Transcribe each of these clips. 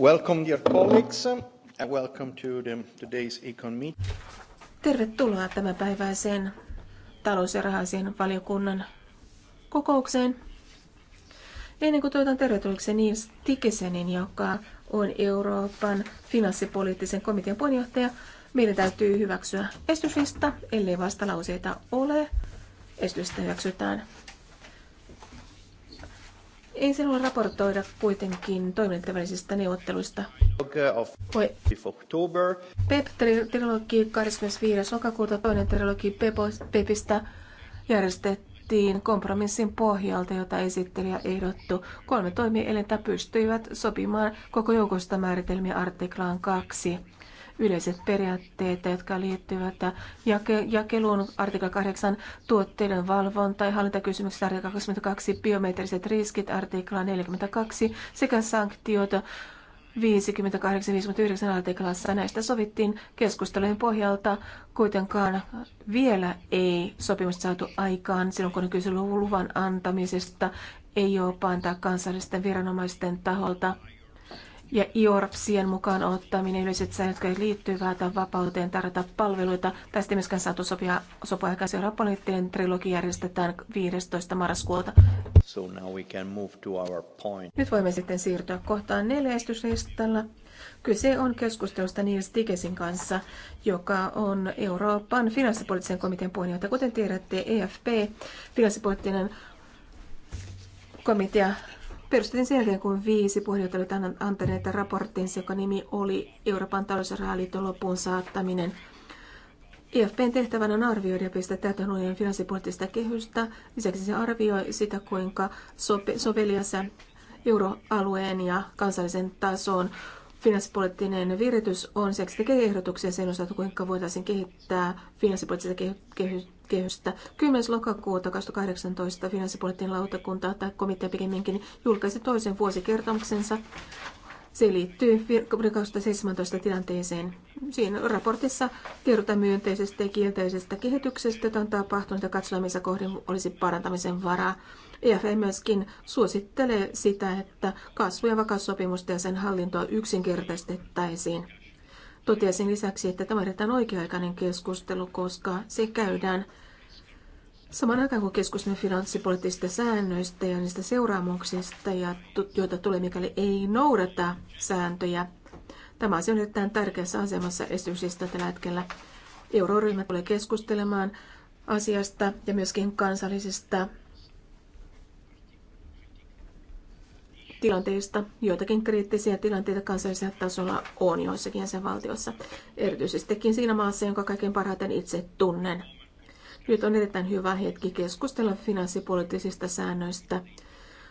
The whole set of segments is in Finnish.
Welcome, dear colleagues, and welcome to the, today's econ meeting. Tervetuloa tämänpäiväiseen talous- ja rahasien valiokunnan kokoukseen. Ennen kuin toivotan tervetulleeksi Nils Tikesenin, joka on Euroopan finanssipoliittisen komitean puheenjohtaja, meidän täytyy hyväksyä esityslista, ellei vastalauseita ole. Esitystä hyväksytään ei sinulla raportoida kuitenkin toimintavälisistä neuvotteluista. PEP-trilogi 25. lokakuuta toinen trilogi PEPistä järjestettiin kompromissin pohjalta, jota esittelijä ehdottu. Kolme toimielintä pystyivät sopimaan koko joukosta määritelmiä artiklaan 2 yleiset periaatteet, jotka liittyvät jake- jakeluun artikla 8 tuotteiden valvonta ja hallintakysymykset artikla 22 biometriset riskit artikla 42 sekä sanktiot 58-59 artiklassa näistä sovittiin keskustelujen pohjalta. Kuitenkaan vielä ei sopimusta saatu aikaan silloin, kun on kyse luvan antamisesta ei ole antaa kansallisten viranomaisten taholta ja IORPSien mukaan ottaminen, yleiset säännöt, jotka liittyvät vapauteen tarjota palveluita. Tästä myöskään saatu sopia, sopua aikaisen poliittinen trilogi järjestetään 15. marraskuuta. So now we can move to our point. Nyt voimme sitten siirtyä kohtaan neljä esityslistalla. Kyse on keskustelusta Nils Dickesin kanssa, joka on Euroopan finanssipoliittisen komitean puheenjohtaja. Kuten tiedätte, EFP, finanssipoliittinen komitea perustettiin sen jälkeen, kun viisi puheenjohtajat olivat antaneet raporttinsa, joka nimi oli Euroopan talous- ja loppuun saattaminen. IFPn e tehtävänä on arvioida ja pistää täytön unionin finanssipoliittista kehystä. Lisäksi se arvioi sitä, kuinka sope- sovelias euroalueen ja kansallisen tason finanssipoliittinen viritys on. Lisäksi tekee ehdotuksia sen osalta, kuinka voitaisiin kehittää finanssipoliittista kehystä kehystä. 10. lokakuuta 2018 finanssipoliittinen lautakunta tai komitea pikemminkin julkaisi toisen vuosikertomuksensa. Se liittyy 2017 tilanteeseen. Siinä raportissa kerrotaan myönteisestä ja kielteisestä kehityksestä, jota on tapahtunut ja katsotaan, missä kohdin olisi parantamisen varaa. EFE e myöskin suosittelee sitä, että kasvu- ja vakaussopimusta ja sen hallintoa yksinkertaistettaisiin. Totesin lisäksi, että tämä on oikea-aikainen keskustelu, koska se käydään saman aikaan kuin keskustelun finanssipoliittisista säännöistä ja niistä seuraamuksista, ja joita tulee mikäli ei noudata sääntöjä, tämä asia on erittäin tärkeässä asemassa esityksistä tällä hetkellä. Euroryhmä tulee keskustelemaan asiasta ja myöskin kansallisista tilanteista. Joitakin kriittisiä tilanteita kansallisella tasolla on joissakin jäsenvaltioissa, erityisestikin siinä maassa, jonka kaiken parhaiten itse tunnen. Nyt on erittäin hyvä hetki keskustella finanssipoliittisista säännöistä.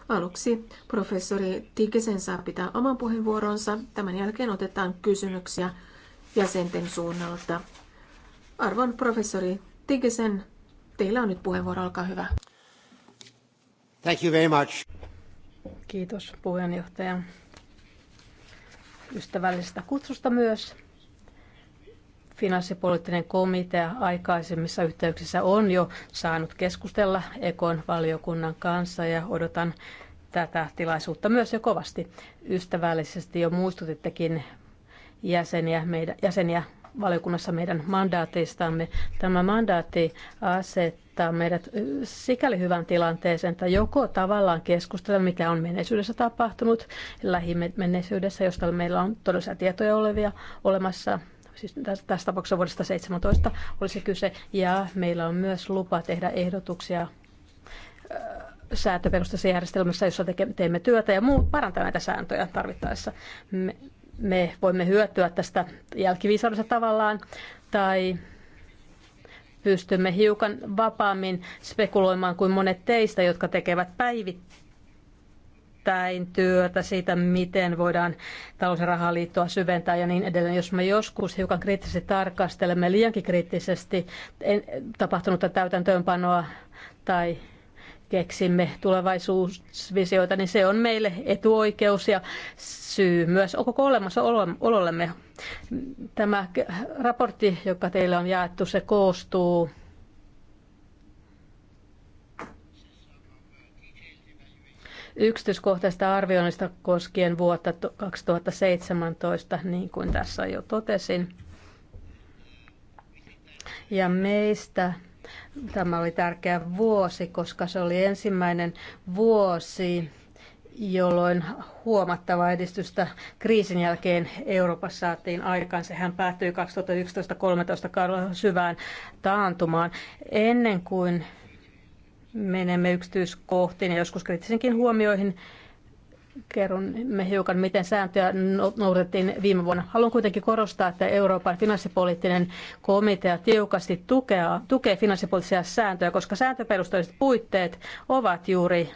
Aluksi professori Tikisen saa pitää oman puheenvuoronsa. Tämän jälkeen otetaan kysymyksiä jäsenten suunnalta. Arvon professori Tikisen, teillä on nyt puheenvuoro, olkaa hyvä. Thank you very much. Kiitos puheenjohtaja ystävällisestä kutsusta myös. Finanssipoliittinen komitea aikaisemmissa yhteyksissä on jo saanut keskustella Ekon valiokunnan kanssa ja odotan tätä tilaisuutta myös jo kovasti. Ystävällisesti jo muistutittekin jäseniä, meidän, jäseniä valiokunnassa meidän mandaateistamme. Tämä mandaatti asettaa meidät sikäli hyvän tilanteeseen, että joko tavallaan keskustella, mitä on menneisyydessä tapahtunut, lähimenneisyydessä, josta meillä on todellisia tietoja olevia olemassa, siis tässä tapauksessa vuodesta 17 olisi kyse, ja meillä on myös lupa tehdä ehdotuksia säätöperustaisessa järjestelmässä, jossa teemme työtä ja muu, parantaa näitä sääntöjä tarvittaessa. Me, me voimme hyötyä tästä jälkiviisaudesta tavallaan, tai pystymme hiukan vapaammin spekuloimaan kuin monet teistä, jotka tekevät päivittäin työtä siitä, miten voidaan talous- ja rahaliittoa syventää ja niin edelleen. Jos me joskus hiukan kriittisesti tarkastelemme liiankin kriittisesti tapahtunutta täytäntöönpanoa tai keksimme tulevaisuusvisioita, niin se on meille etuoikeus ja syy myös koko olemassaolollemme. Tämä raportti, joka teille on jaettu, se koostuu yksityiskohtaista arvioinnista koskien vuotta 2017, niin kuin tässä jo totesin. Ja meistä Tämä oli tärkeä vuosi, koska se oli ensimmäinen vuosi, jolloin huomattava edistystä kriisin jälkeen Euroopassa saatiin aikaan. Sehän päättyi 2011-2013 kaudella syvään taantumaan. Ennen kuin menemme yksityiskohtiin ja joskus kriittisinkin huomioihin, kerron me hiukan, miten sääntöjä noudatettiin viime vuonna. Haluan kuitenkin korostaa, että Euroopan finanssipoliittinen komitea tiukasti tukea, tukee finanssipoliittisia sääntöjä, koska sääntöperusteiset puitteet ovat juuri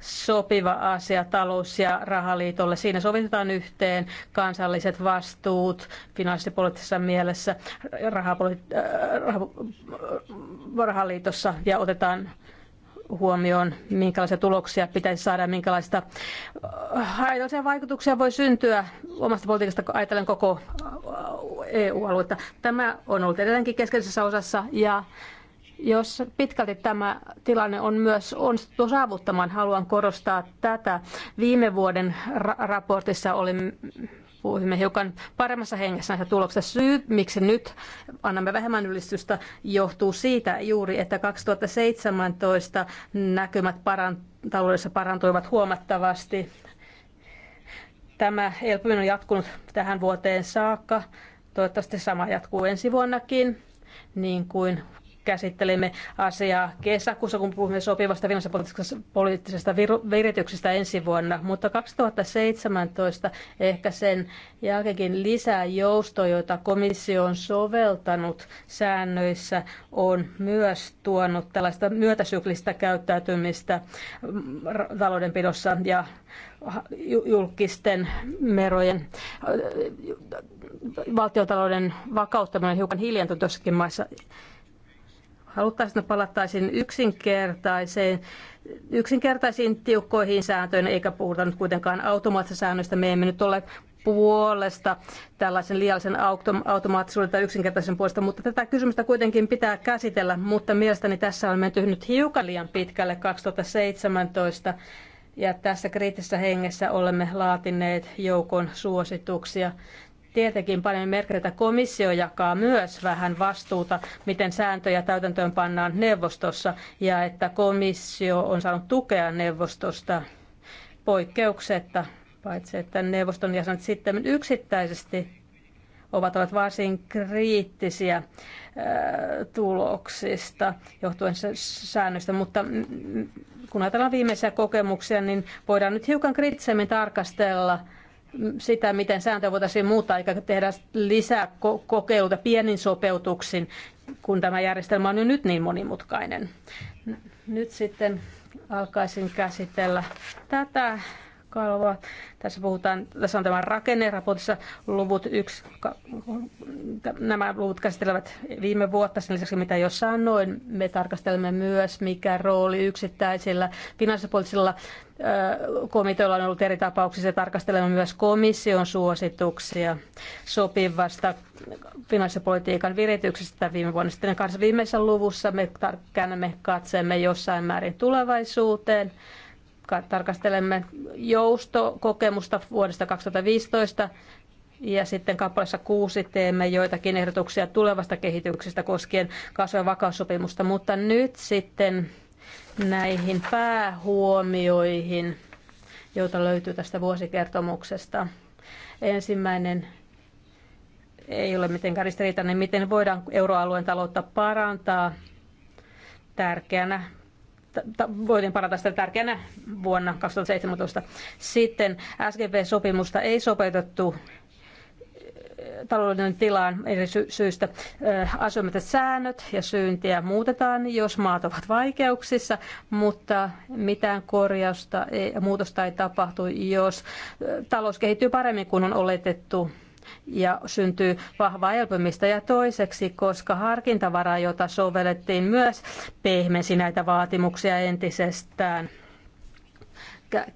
sopiva asia talous- ja rahaliitolle. Siinä sovitetaan yhteen kansalliset vastuut finanssipoliittisessa mielessä rahapoli- äh, rahaliitossa ja otetaan huomioon, minkälaisia tuloksia pitäisi saada ja minkälaista haitallisia äh, vaikutuksia voi syntyä omasta politiikasta ajatellen koko äh, EU-aluetta. Tämä on ollut edelleenkin keskeisessä osassa ja jos pitkälti tämä tilanne on myös onnistuttu saavuttamaan, haluan korostaa tätä. Viime vuoden raportissa oli puhuimme hiukan paremmassa hengessä näistä tuloksista. Syy, miksi nyt annamme vähemmän ylistystä, johtuu siitä juuri, että 2017 näkymät parant- taloudessa parantuivat huomattavasti. Tämä elpyminen on jatkunut tähän vuoteen saakka. Toivottavasti sama jatkuu ensi vuonnakin, niin kuin käsittelimme asiaa kesäkuussa, kun puhumme sopivasta finanssipoliittisesta virityksestä ensi vuonna, mutta 2017 ehkä sen jälkeenkin lisää joustoja, joita komissio on soveltanut säännöissä, on myös tuonut tällaista myötäsyklistä käyttäytymistä mm, taloudenpidossa ja julkisten merojen äh, valtiotalouden vakauttaminen hiukan hiljentynyt jossakin maissa Haluttaisiin, että palattaisiin yksinkertaiseen, yksinkertaisiin tiukkoihin sääntöihin, eikä puhuta nyt kuitenkaan automaattisäännöistä. Me emme nyt ole puolesta, tällaisen liiallisen automaattisuuden tai yksinkertaisen puolesta, mutta tätä kysymystä kuitenkin pitää käsitellä, mutta mielestäni tässä on menty nyt hiukan liian pitkälle 2017 ja tässä kriittisessä hengessä olemme laatineet joukon suosituksia Tietenkin paljon merkitä, että komissio jakaa myös vähän vastuuta, miten sääntöjä täytäntöön pannaan neuvostossa ja että komissio on saanut tukea neuvostosta poikkeuksetta, paitsi että neuvoston jäsenet sitten yksittäisesti ovat olleet varsin kriittisiä äh, tuloksista johtuen säännöistä, mutta mm, mm, kun ajatellaan viimeisiä kokemuksia, niin voidaan nyt hiukan kriittisemmin tarkastella – sitä, miten sääntö voitaisiin muuttaa, eikä tehdä lisää kokeiluita pienin sopeutuksin, kun tämä järjestelmä on jo nyt niin monimutkainen. Nyt sitten alkaisin käsitellä tätä kalvoa. Tässä, puhutaan, tässä on tämä rakenneraportissa luvut yksi, nämä luvut käsittelevät viime vuotta. Sen lisäksi mitä jo sanoin, me tarkastelemme myös, mikä rooli yksittäisillä finanssipoliittisilla komiteoilla on ollut eri tapauksissa. Tarkastelemme myös komission suosituksia sopivasta finanssipolitiikan virityksestä viime vuonna. Sitten kanssa viimeisessä luvussa me käännämme katseemme jossain määrin tulevaisuuteen tarkastelemme joustokokemusta vuodesta 2015 ja sitten kappaleessa kuusi teemme joitakin ehdotuksia tulevasta kehityksestä koskien kasvu- ja vakaussopimusta, mutta nyt sitten näihin päähuomioihin, joita löytyy tästä vuosikertomuksesta. Ensimmäinen ei ole mitenkään ristiriitainen, miten voidaan euroalueen taloutta parantaa tärkeänä voitiin parata sitä tärkeänä vuonna 2017. Sitten SGP-sopimusta ei sopeutettu eh, taloudellinen tilaan eri sy- syistä. Eh, Asumiset säännöt ja syyntiä muutetaan, jos maat ovat vaikeuksissa, mutta mitään korjausta ei, muutosta ei tapahtu, jos eh, talous kehittyy paremmin kuin on oletettu ja syntyy vahvaa elpymistä. Ja toiseksi, koska harkintavaraa, jota sovellettiin myös, pehmensi näitä vaatimuksia entisestään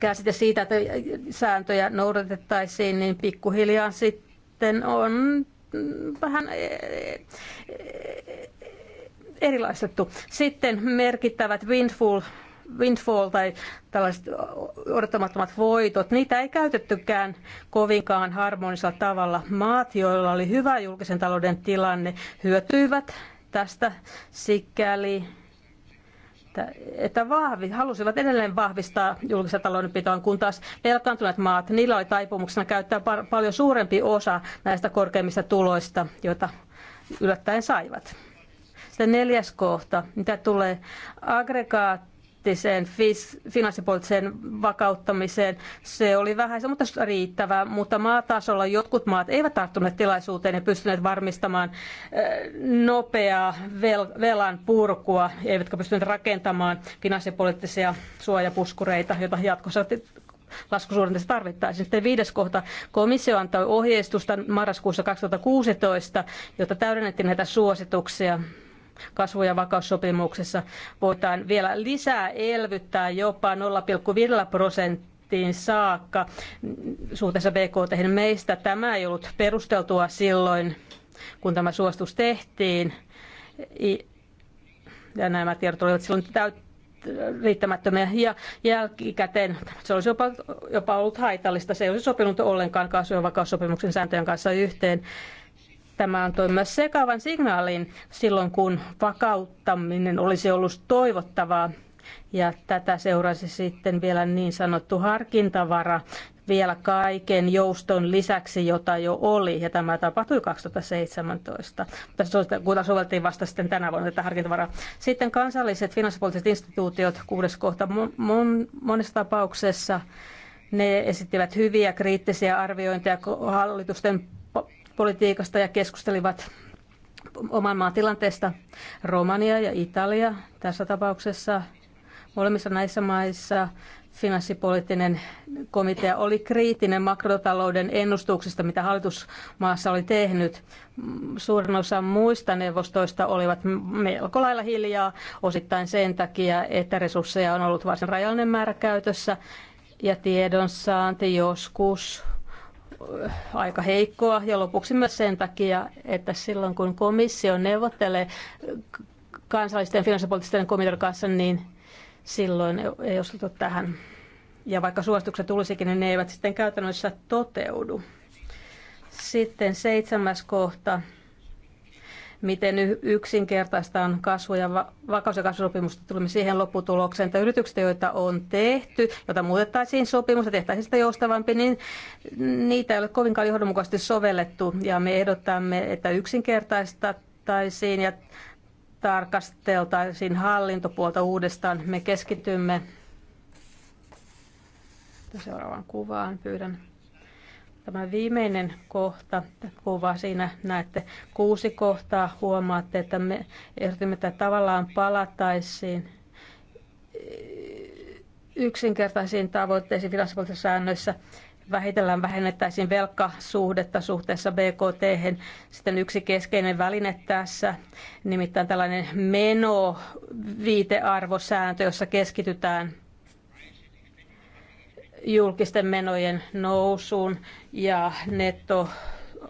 käsite siitä, että sääntöjä noudatettaisiin, niin pikkuhiljaa sitten on vähän e-, e-, e-, erilaistettu. Sitten merkittävät windfall windfall tai tällaiset odottamattomat voitot, niitä ei käytettykään kovinkaan harmonisella tavalla. Maat, joilla oli hyvä julkisen talouden tilanne, hyötyivät tästä sikäli että, vahvi, halusivat edelleen vahvistaa julkisen taloudenpitoon, kun taas velkaantuneet maat, niillä oli taipumuksena käyttää par, paljon suurempi osa näistä korkeimmista tuloista, joita yllättäen saivat. Sitten neljäs kohta, mitä tulee aggregaat poliittiseen, finanssipoliittiseen vakauttamiseen. Se oli vähän, mutta riittävää. Mutta maatasolla jotkut maat eivät tarttuneet tilaisuuteen ja pystyneet varmistamaan nopeaa velan purkua, eivätkä pystyneet rakentamaan finanssipoliittisia suojapuskureita, joita jatkossa laskusuunnitelmassa tarvittaisiin. Sitten viides kohta. Komissio antoi ohjeistusta marraskuussa 2016, jotta täydennettiin näitä suosituksia kasvu- ja vakaussopimuksessa voidaan vielä lisää elvyttää jopa 0,5 prosenttia prosenttiin saakka suhteessa BKT. Meistä tämä ei ollut perusteltua silloin, kun tämä suostus tehtiin. Ja nämä tiedot olivat silloin riittämättömiä ja jälkikäteen. Se olisi jopa, jopa ollut haitallista. Se ei olisi sopinut ollenkaan kasvu- ja vakaussopimuksen sääntöjen kanssa yhteen. Tämä antoi myös sekavan signaalin silloin, kun vakauttaminen olisi ollut toivottavaa. Ja tätä seurasi sitten vielä niin sanottu harkintavara vielä kaiken jouston lisäksi, jota jo oli, ja tämä tapahtui 2017. Mutta soveltiin vasta sitten tänä vuonna tätä harkintavaraa. Sitten kansalliset finanssipoliittiset instituutiot, kuudes kohta, mon, monessa tapauksessa ne esittivät hyviä kriittisiä arviointeja hallitusten politiikasta ja keskustelivat oman maan tilanteesta. Romania ja Italia tässä tapauksessa molemmissa näissä maissa finanssipoliittinen komitea oli kriittinen makrotalouden ennustuksista, mitä hallitus maassa oli tehnyt. Suurin osa muista neuvostoista olivat melko lailla hiljaa, osittain sen takia, että resursseja on ollut varsin rajallinen määrä käytössä ja tiedonsaanti joskus aika heikkoa ja lopuksi myös sen takia, että silloin kun komissio neuvottelee kansallisten finanssipoliittisten komitean kanssa, niin silloin ei osuta tähän. Ja vaikka suositukset tulisikin, niin ne eivät sitten käytännössä toteudu. Sitten seitsemäs kohta miten yksinkertaistaan kasvu- ja vakaus- ja kasvusopimusta Tulemme siihen lopputulokseen, että yritykset, joita on tehty, joita muutettaisiin sopimusta, tehtäisiin sitä joustavampi, niin niitä ei ole kovinkaan johdonmukaisesti sovellettu. Ja me ehdotamme, että yksinkertaistaisiin ja tarkasteltaisiin hallintopuolta uudestaan. Me keskitymme seuraavaan kuvaan. Pyydän Tämä viimeinen kohta, kuva siinä näette kuusi kohtaa, huomaatte, että me ehdotimme, että tavallaan palattaisiin yksinkertaisiin tavoitteisiin finanssipoliittisissa säännöissä vähitellen vähennettäisiin velkasuhdetta suhteessa BKT. -hän. Sitten yksi keskeinen väline tässä, nimittäin tällainen meno-viitearvosääntö, jossa keskitytään julkisten menojen nousuun ja netto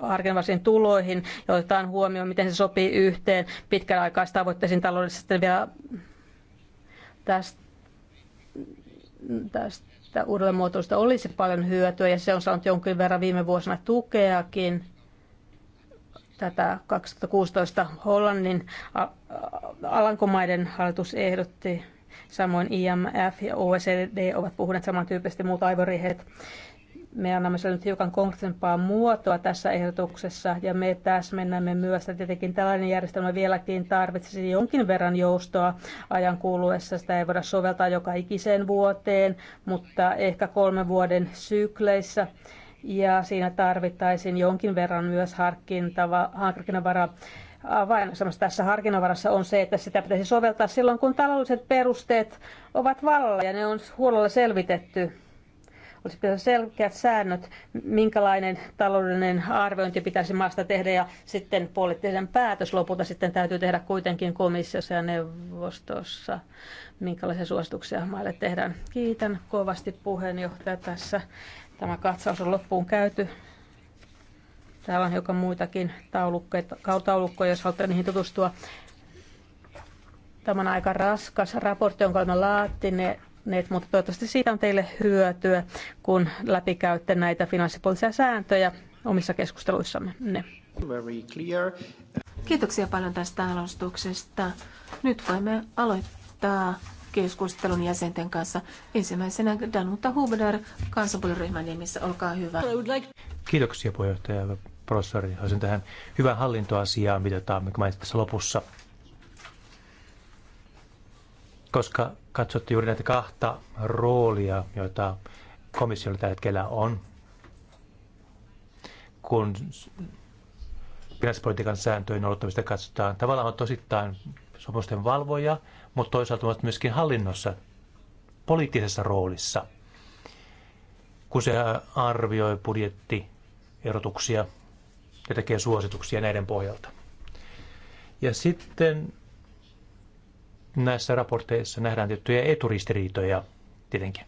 harkinnanvaraisiin tuloihin ja on huomioon, miten se sopii yhteen pitkän aikaistavoitteisiin taloudellisesti sitten vielä tästä, tästä uudelleenmuotoilusta olisi paljon hyötyä ja se on saanut jonkin verran viime vuosina tukeakin. Tätä 2016 Hollannin Alankomaiden hallitus ehdotti Samoin IMF ja OECD ovat puhuneet samantyyppisesti muut aivorihet. Me annamme sille nyt hiukan konkreettisempaa muotoa tässä ehdotuksessa ja me täsmennämme myös, että tietenkin tällainen järjestelmä vieläkin tarvitsisi jonkin verran joustoa ajan kuluessa. Sitä ei voida soveltaa joka ikiseen vuoteen, mutta ehkä kolmen vuoden sykleissä ja siinä tarvittaisiin jonkin verran myös harkinnavaraa avain tässä harkinnanvarassa on se, että sitä pitäisi soveltaa silloin, kun taloudelliset perusteet ovat vallalla ja ne on huolella selvitetty. Olisi pitäisi selkeät säännöt, minkälainen taloudellinen arviointi pitäisi maasta tehdä ja sitten poliittisen päätös lopulta sitten täytyy tehdä kuitenkin komissiossa ja neuvostossa, minkälaisia suosituksia maille tehdään. Kiitän kovasti puheenjohtaja tässä. Tämä katsaus on loppuun käyty. Täällä on hiukan muitakin taulukkoja, jos haluatte niihin tutustua. Tämä on aika raskas raportti, jonka olemme laatineet, mutta toivottavasti siitä on teille hyötyä, kun läpikäytte näitä finanssipoliittisia sääntöjä omissa keskusteluissamme. Ne. Kiitoksia paljon tästä alustuksesta. Nyt voimme aloittaa keskustelun jäsenten kanssa. Ensimmäisenä Danuta Hubner kansanpuoliryhmän nimissä, olkaa hyvä. Kiitoksia puheenjohtaja professori Olisin tähän hyvän hallintoasiaan, mitä tämä mainitsit tässä lopussa. Koska katsotte juuri näitä kahta roolia, joita komissiolla tällä hetkellä on, kun finanssipolitiikan sääntöjen noudattamista katsotaan. Tavallaan on tosittain sopimusten valvoja, mutta toisaalta ovat myöskin hallinnossa, poliittisessa roolissa, kun se arvioi budjettierotuksia ja tekee suosituksia näiden pohjalta. Ja sitten näissä raporteissa nähdään tiettyjä eturistiriitoja tietenkin.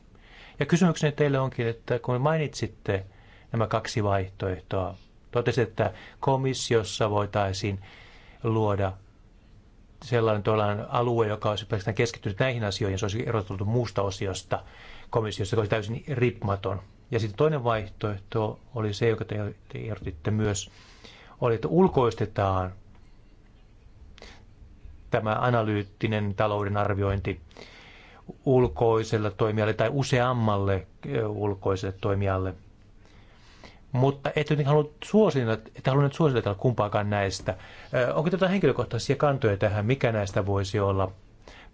Ja kysymykseni teille onkin, että kun mainitsitte nämä kaksi vaihtoehtoa, totesit, että komissiossa voitaisiin luoda sellainen tuollainen alue, joka olisi pelkästään keskittynyt näihin asioihin, se olisi erotettu muusta osiosta komissiossa, joka olisi täysin riippumaton. Ja sitten toinen vaihtoehto oli se, joka te ehdotitte myös, oli, että ulkoistetaan tämä analyyttinen talouden arviointi ulkoiselle toimijalle tai useammalle ulkoiselle toimijalle. Mutta et jotenkin halunnut suositella, et halunnut suositella kumpaakaan näistä. Onko tätä henkilökohtaisia kantoja tähän, mikä näistä voisi olla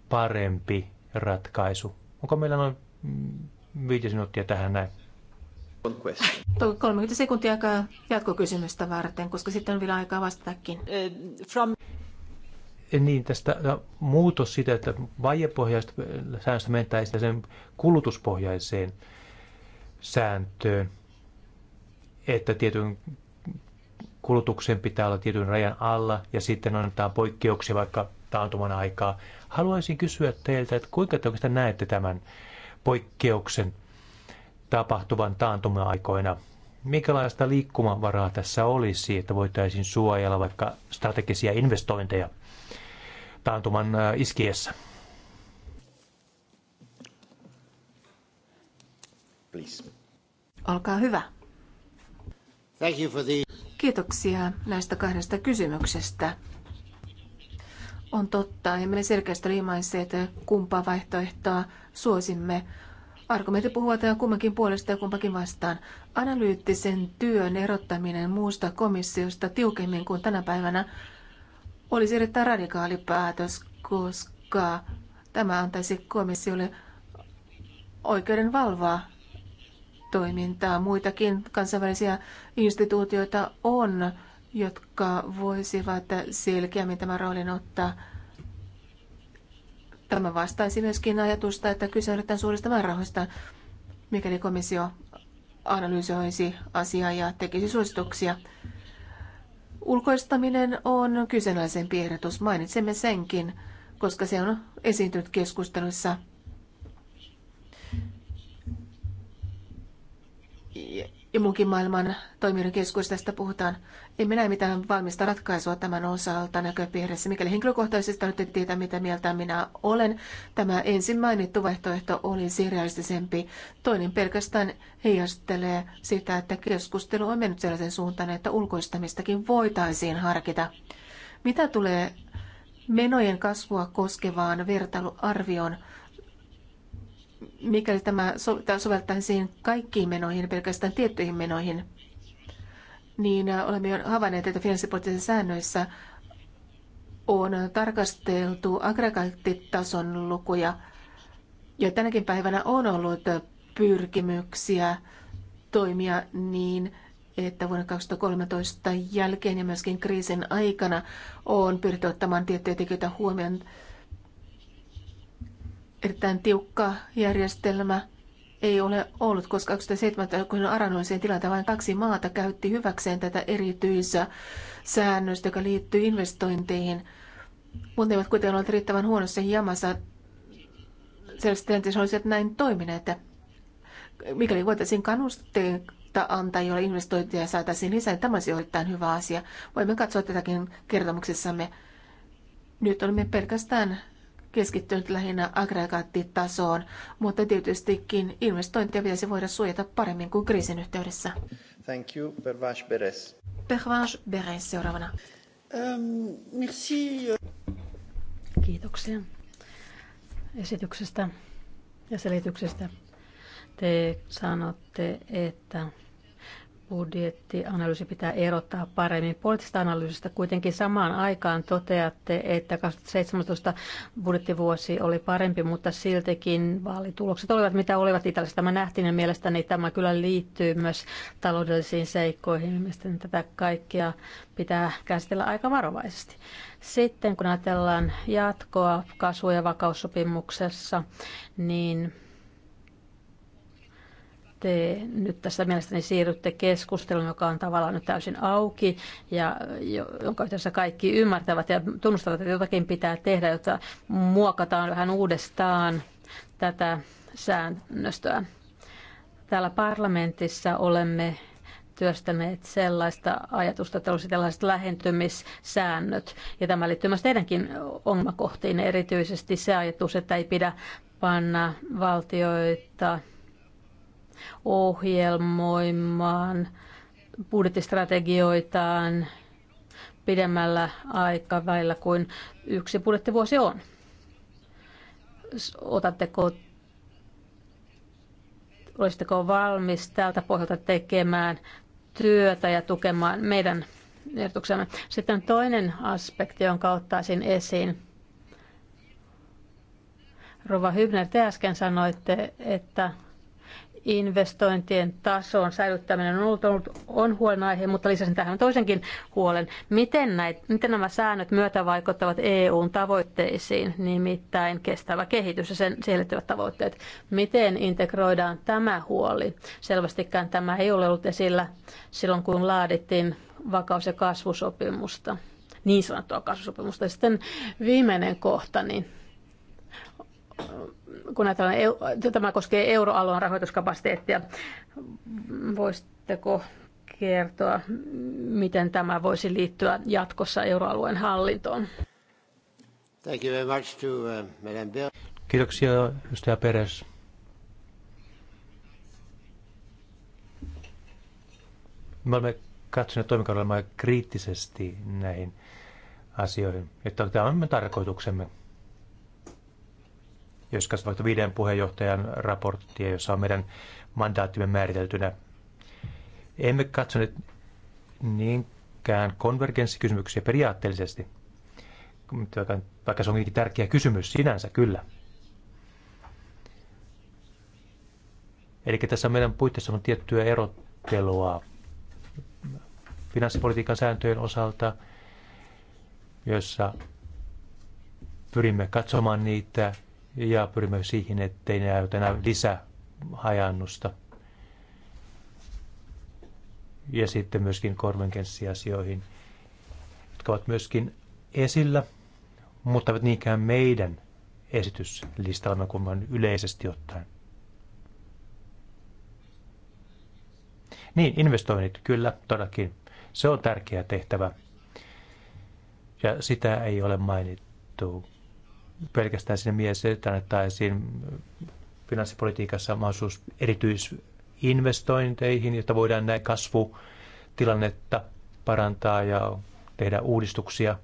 parempi ratkaisu? Onko meillä noin viisi minuuttia tähän näin? 30 sekuntia aikaa jatkokysymystä varten, koska sitten on vielä aikaa vastatakin. Eh, from... Niin, tästä no, muutos siitä, että vajepohjaista säännöstä mentäisiin sen kulutuspohjaiseen sääntöön, että tietyn kulutuksen pitää olla tietyn rajan alla ja sitten annetaan poikkeuksia vaikka taantuman aikaa. Haluaisin kysyä teiltä, että kuinka te oikeastaan näette tämän poikkeuksen tapahtuvan taantuma-aikoina. Minkälaista liikkumavaraa tässä olisi, että voitaisiin suojella vaikka strategisia investointeja taantuman iskiessä? Please. Olkaa hyvä. Thank you for the... Kiitoksia näistä kahdesta kysymyksestä. On totta, emme selkeästi että kumpaa vaihtoehtoa suosimme. Argumentit puhuvat kummankin puolesta ja kumpakin vastaan. Analyyttisen työn erottaminen muusta komissiosta tiukemmin kuin tänä päivänä olisi erittäin radikaali päätös, koska tämä antaisi komissiolle oikeuden valvoa toimintaa. Muitakin kansainvälisiä instituutioita on, jotka voisivat selkeämmin tämän roolin ottaa Tämä vastaisi myöskin ajatusta, että kyse on erittäin suurista määrärahoista, mikäli komissio analysoisi asiaa ja tekisi suosituksia. Ulkoistaminen on kyseenalaisempi ehdotus, mainitsemme senkin, koska se on esiintynyt keskustelussa – ja muunkin maailman toimijoiden keskuudessa tästä puhutaan. Emme näe mitään valmista ratkaisua tämän osalta näköpiirissä. Mikäli henkilökohtaisesti nyt et tiedä, mitä mieltä minä olen, tämä ensin mainittu vaihtoehto olisi realistisempi. Toinen pelkästään heijastelee sitä, että keskustelu on mennyt sellaisen suuntaan, että ulkoistamistakin voitaisiin harkita. Mitä tulee menojen kasvua koskevaan vertailuarvioon, mikäli tämä sovellettaisiin kaikkiin menoihin, pelkästään tiettyihin menoihin, niin äh, olemme jo havainneet, että finanssipoliittisissa säännöissä on tarkasteltu aggregaattitason lukuja, ja tänäkin päivänä on ollut pyrkimyksiä toimia niin, että vuonna 2013 jälkeen ja myöskin kriisin aikana on pyritty ottamaan tiettyjä tekijöitä huomioon erittäin tiukka järjestelmä ei ole ollut, koska 2007, kun aranoiseen tilanteen vain kaksi maata käytti hyväkseen tätä erityisä säännöstä, joka liittyy investointeihin. Mutta eivät kuitenkaan olleet riittävän huonossa jamassa sellaisessa tilanteessa olisivat näin toimineet. Mikäli voitaisiin kannusteita antaa, joilla investointeja saataisiin lisää, niin tämä olisi erittäin hyvä asia. Voimme katsoa tätäkin kertomuksessamme. Nyt olemme pelkästään keskittynyt lähinnä aggregaattitasoon, mutta tietystikin investointia pitäisi voida suojata paremmin kuin kriisin yhteydessä. Thank you, Pervash Beres. Pervash Beres seuraavana. Um, merci. Kiitoksia esityksestä ja selityksestä. Te sanotte, että budjettianalyysi pitää erottaa paremmin poliittisesta analyysistä. Kuitenkin samaan aikaan toteatte, että 2017 budjettivuosi oli parempi, mutta siltikin vaalitulokset olivat mitä olivat Italiassa. Tämä nähtiin ja mielestäni tämä kyllä liittyy myös taloudellisiin seikkoihin. Mielestäni tätä kaikkea pitää käsitellä aika varovaisesti. Sitten kun ajatellaan jatkoa kasvu- ja vakaussopimuksessa, niin te nyt tässä mielestäni siirrytte keskusteluun, joka on tavallaan nyt täysin auki ja jonka yhteydessä kaikki ymmärtävät ja tunnustavat, että jotakin pitää tehdä, jotta muokataan vähän uudestaan tätä säännöstöä. Täällä parlamentissa olemme työstäneet sellaista ajatusta, että olisi tällaiset lähentymissäännöt. Ja tämä liittyy myös teidänkin ongelmakohtiin, erityisesti se ajatus, että ei pidä panna valtioita ohjelmoimaan budjettistrategioitaan pidemmällä aikavälillä kuin yksi budjettivuosi on. Otatteko olisitteko valmis tältä pohjalta tekemään työtä ja tukemaan meidän ehdotuksemme. Sitten toinen aspekti, jonka ottaisin esiin. Rova Hybner, te äsken sanoitte, että investointien tason säilyttäminen on ollut, ollut on huolenaihe, mutta lisäsin tähän toisenkin huolen. Miten, näit, miten nämä säännöt myötä vaikuttavat EUn tavoitteisiin, nimittäin kestävä kehitys ja sen siirrettyvät tavoitteet? Miten integroidaan tämä huoli? Selvästikään tämä ei ole ollut esillä silloin, kun laadittiin vakaus- ja kasvusopimusta, niin sanottua kasvusopimusta. Ja sitten viimeinen kohta, niin kun ajatellaan, tämä koskee euroalueen rahoituskapasiteettia. Voisitteko kertoa, miten tämä voisi liittyä jatkossa euroalueen hallintoon? Thank you very much to, uh, Kiitoksia, edustaja Peres. Me olemme katsoneet toimikaudella kriittisesti näihin asioihin, että tämä on tarkoituksemme jos katsotaan vaikka viiden puheenjohtajan raporttia, jossa on meidän mandaattimme määriteltynä. Emme katsoneet niinkään konvergenssikysymyksiä periaatteellisesti, vaikka se onkin tärkeä kysymys sinänsä kyllä. Eli tässä meidän puitteissa on tiettyä erottelua finanssipolitiikan sääntöjen osalta, jossa pyrimme katsomaan niitä ja pyrimme siihen, ettei ne aiheuta enää lisähajannusta. Ja sitten myöskin korvenkenssiasioihin, jotka ovat myöskin esillä, mutta eivät niinkään meidän esityslistallamme kuin vain yleisesti ottaen. Niin, investoinnit, kyllä, todellakin. Se on tärkeä tehtävä. Ja sitä ei ole mainittu pelkästään sinne mies, että annettaisiin finanssipolitiikassa mahdollisuus erityisinvestointeihin, jotta voidaan näin kasvutilannetta parantaa ja tehdä uudistuksia.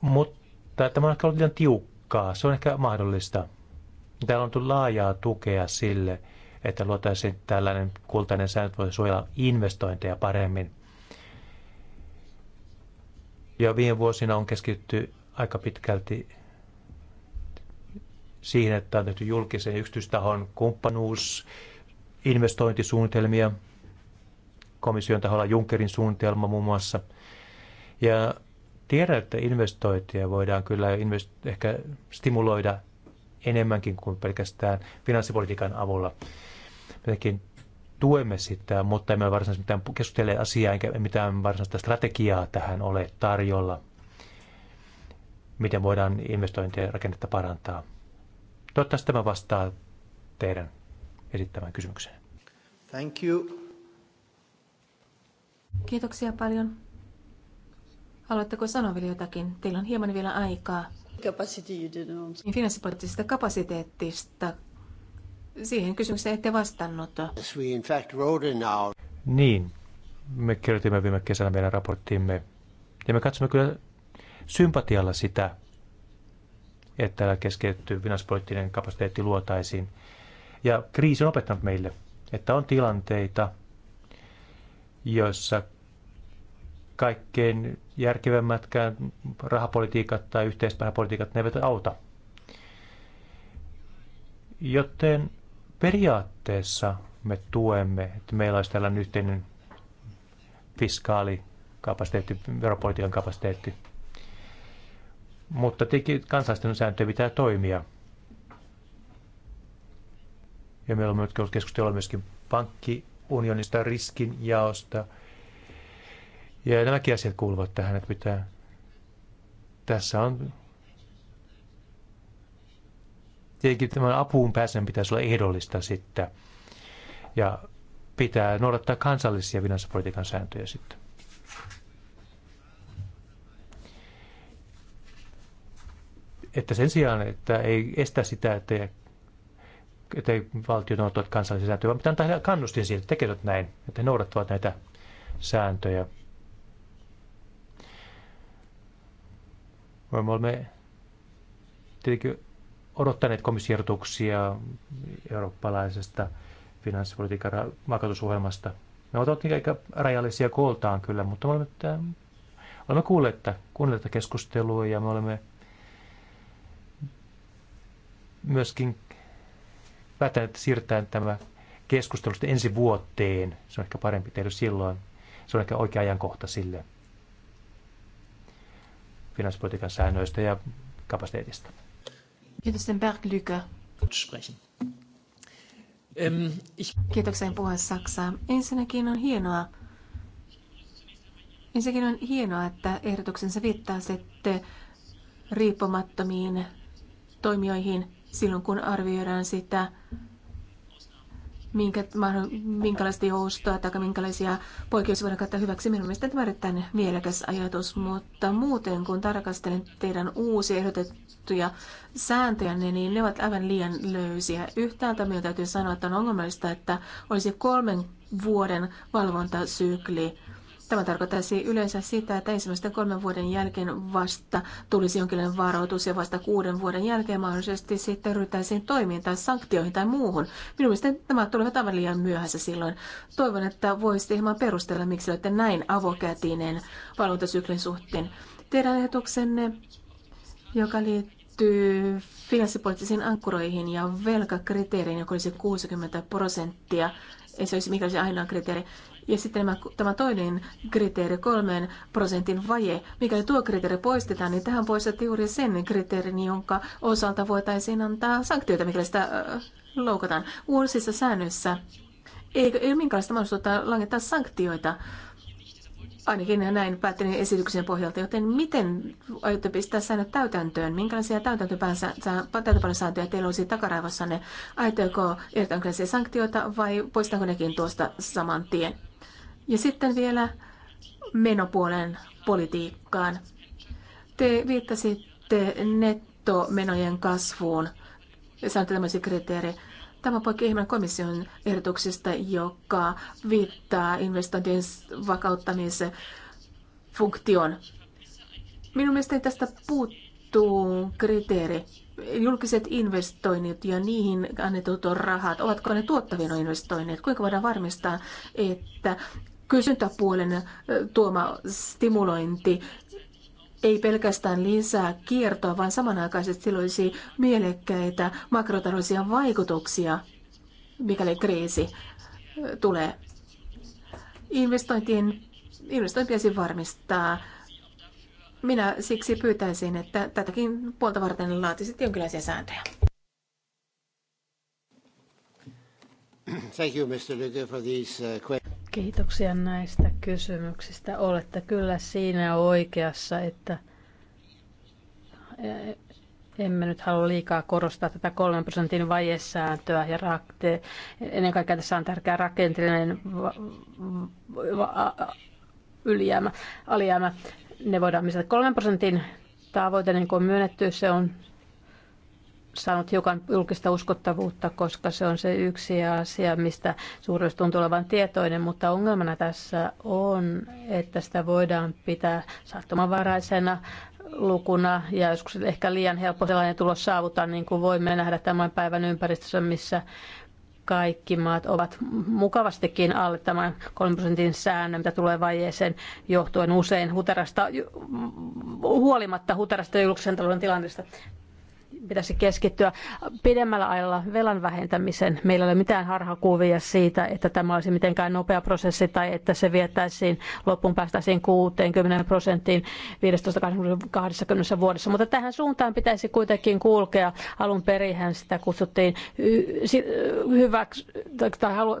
Mutta tämä on ehkä ollut liian tiukkaa, se on ehkä mahdollista. Täällä on tullut laajaa tukea sille, että luotaisiin tällainen kultainen säännöt voi suojella investointeja paremmin. Ja viime vuosina on keskitytty aika pitkälti siihen, että on tehty julkisen yksityistahon kumppanuus, investointisuunnitelmia, komission taholla Junckerin suunnitelma muun muassa. Ja tiedän, että investointia voidaan kyllä invest- ehkä stimuloida enemmänkin kuin pelkästään finanssipolitiikan avulla. Jotenkin tuemme sitä, mutta emme varsinaisesti mitään keskustele asiaa, eikä mitään varsinaista strategiaa tähän ole tarjolla miten voidaan investointien rakennetta parantaa. Toivottavasti tämä vastaa teidän esittämään kysymykseen. Thank you. Kiitoksia paljon. Haluatteko sanoa vielä jotakin? Teillä on hieman vielä aikaa. Niin, finanssipoliittisesta kapasiteettista. Siihen kysymykseen ette vastannut. Niin, me kirjoitimme viime kesänä meidän raporttiimme ja me katsomme kyllä sympatialla sitä, että täällä keskeytty finanssipoliittinen kapasiteetti luotaisiin. Ja kriisi on opettanut meille, että on tilanteita, joissa kaikkein järkevämmätkään rahapolitiikat tai yhteispärapolitiikat ne eivät auta. Joten periaatteessa me tuemme, että meillä olisi tällainen yhteinen fiskaalikapasiteetti, veropolitiikan kapasiteetti – mutta tietenkin kansallisten sääntöjen pitää toimia. Ja meillä on myös keskustelua myöskin pankkiunionista, riskinjaosta. Ja nämäkin asiat kuuluvat tähän, että pitää... Tässä on... Tietenkin tämän apuun pääsen pitäisi olla ehdollista sitten. Ja pitää noudattaa kansallisia finanssipolitiikan sääntöjä sitten. että sen sijaan, että ei estä sitä, että ei, että ei valtio noudattavat kansallisia sääntöjä, vaan pitää antaa kannustin siihen, että tekevät näin, että he noudattavat näitä sääntöjä. Me olemme tietenkin odottaneet komissiotuksia eurooppalaisesta finanssipolitiikan vakautusohjelmasta. Ne ovat olleet aika rajallisia kooltaan kyllä, mutta me olemme, tämän, olemme kuulleet, että, kuunnelleet keskustelua ja me olemme myöskin päätän, että siirretään tämä keskustelusta ensi vuoteen. Se on ehkä parempi tehdä silloin. Se on ehkä oikea ajankohta sille finanssipolitiikan säännöistä ja kapasiteetista. Kiitos, Berglykä. Sprechen. Ähm, puhua Saksaa. Ensinnäkin on hienoa, ensinnäkin on hienoa, että ehdotuksensa viittaa sitten riippumattomiin toimijoihin silloin, kun arvioidaan sitä, minkä, minkälaista joustoa tai minkälaisia poikkeuksia voidaan käyttää hyväksi. Minun mielestäni tämä on erittäin mielekäs ajatus, mutta muuten kun tarkastelen teidän uusia ehdotettuja sääntöjä, niin ne ovat aivan liian löysiä. Yhtäältä minun täytyy sanoa, että on ongelmallista, että olisi kolmen vuoden valvontasykli Tämä tarkoittaisi yleensä sitä, että ensimmäisten kolmen vuoden jälkeen vasta tulisi jonkinlainen varoitus ja vasta kuuden vuoden jälkeen mahdollisesti sitten ryhtäisiin toimiin tai sanktioihin tai muuhun. Minun mielestäni nämä tulevat aivan liian myöhässä silloin. Toivon, että voisitte hieman perustella, miksi olette näin avokätinen valvontasyklin suhteen. Teidän ehdotuksenne, joka liittyy finanssipoliittisiin ankkuroihin ja velkakriteeriin, joka olisi 60 prosenttia, ei se olisi mikään ainoa kriteeri. Ja sitten tämä, tämä toinen kriteeri, kolmen prosentin vaje, mikäli tuo kriteeri poistetaan, niin tähän poistat juuri sen kriteerin, jonka osalta voitaisiin antaa sanktioita, mikäli sitä loukataan. Uusissa säännöissä ei, ole minkäänlaista mahdollisuutta langettaa sanktioita ainakin näin päättelin esityksen pohjalta, joten miten aiotte pistää säännöt täytäntöön? Minkälaisia täytäntöpanosääntöjä teillä olisi takaraivossanne? Aiotteko erittäin sanktioita vai poistaako nekin tuosta saman tien? Ja sitten vielä menopuolen politiikkaan. Te viittasitte nettomenojen kasvuun. Se on tämmöisen kriteeri. Tämä ihminen komission ehdotuksesta, joka viittaa investointien vakauttamisen funktion. Minun mielestäni tästä puuttuu kriteeri. Julkiset investoinnit ja niihin annetut rahat, ovatko ne tuottavina investoinnit? Kuinka voidaan varmistaa, että kysyntäpuolen tuoma stimulointi ei pelkästään lisää kiertoa, vaan samanaikaisesti sillä olisi mielekkäitä makrotaloudellisia vaikutuksia, mikäli kriisi tulee. Investointien, investointiasi siis varmistaa. Minä siksi pyytäisin, että tätäkin puolta varten laatisit jonkinlaisia sääntöjä. Thank you, Mr. Lüge, for these uh, questions. Kiitoksia näistä kysymyksistä. Olette kyllä siinä oikeassa, että eh, emme nyt halua liikaa korostaa tätä 3 prosentin vajesääntöä ja rakte, ennen kaikkea tässä on tärkeä rakenteellinen va- va- ylijäämä, alijäämä. Ne voidaan missä 3 prosentin tavoite, niin kuin on myönnetty, se on saanut hiukan julkista uskottavuutta, koska se on se yksi asia, mistä suuruus tuntuu olevan tietoinen, mutta ongelmana tässä on, että sitä voidaan pitää sattumanvaraisena lukuna ja joskus ehkä liian helppo sellainen tulos saavuttaa, niin kuin voimme nähdä tämän päivän ympäristössä, missä kaikki maat ovat mukavastikin alle tämän 3 prosentin säännön, mitä tulee vajeeseen johtuen usein huterasta, huolimatta huterasta julkisen talouden tilanteesta pitäisi keskittyä pidemmällä ajalla velan vähentämiseen. Meillä ei ole mitään harhakuvia siitä, että tämä olisi mitenkään nopea prosessi tai että se vietäisiin loppuun päästäisiin 60 prosenttiin 15-20 vuodessa. Mutta tähän suuntaan pitäisi kuitenkin kulkea. Alun perin sitä kutsuttiin hyväks, tai halu,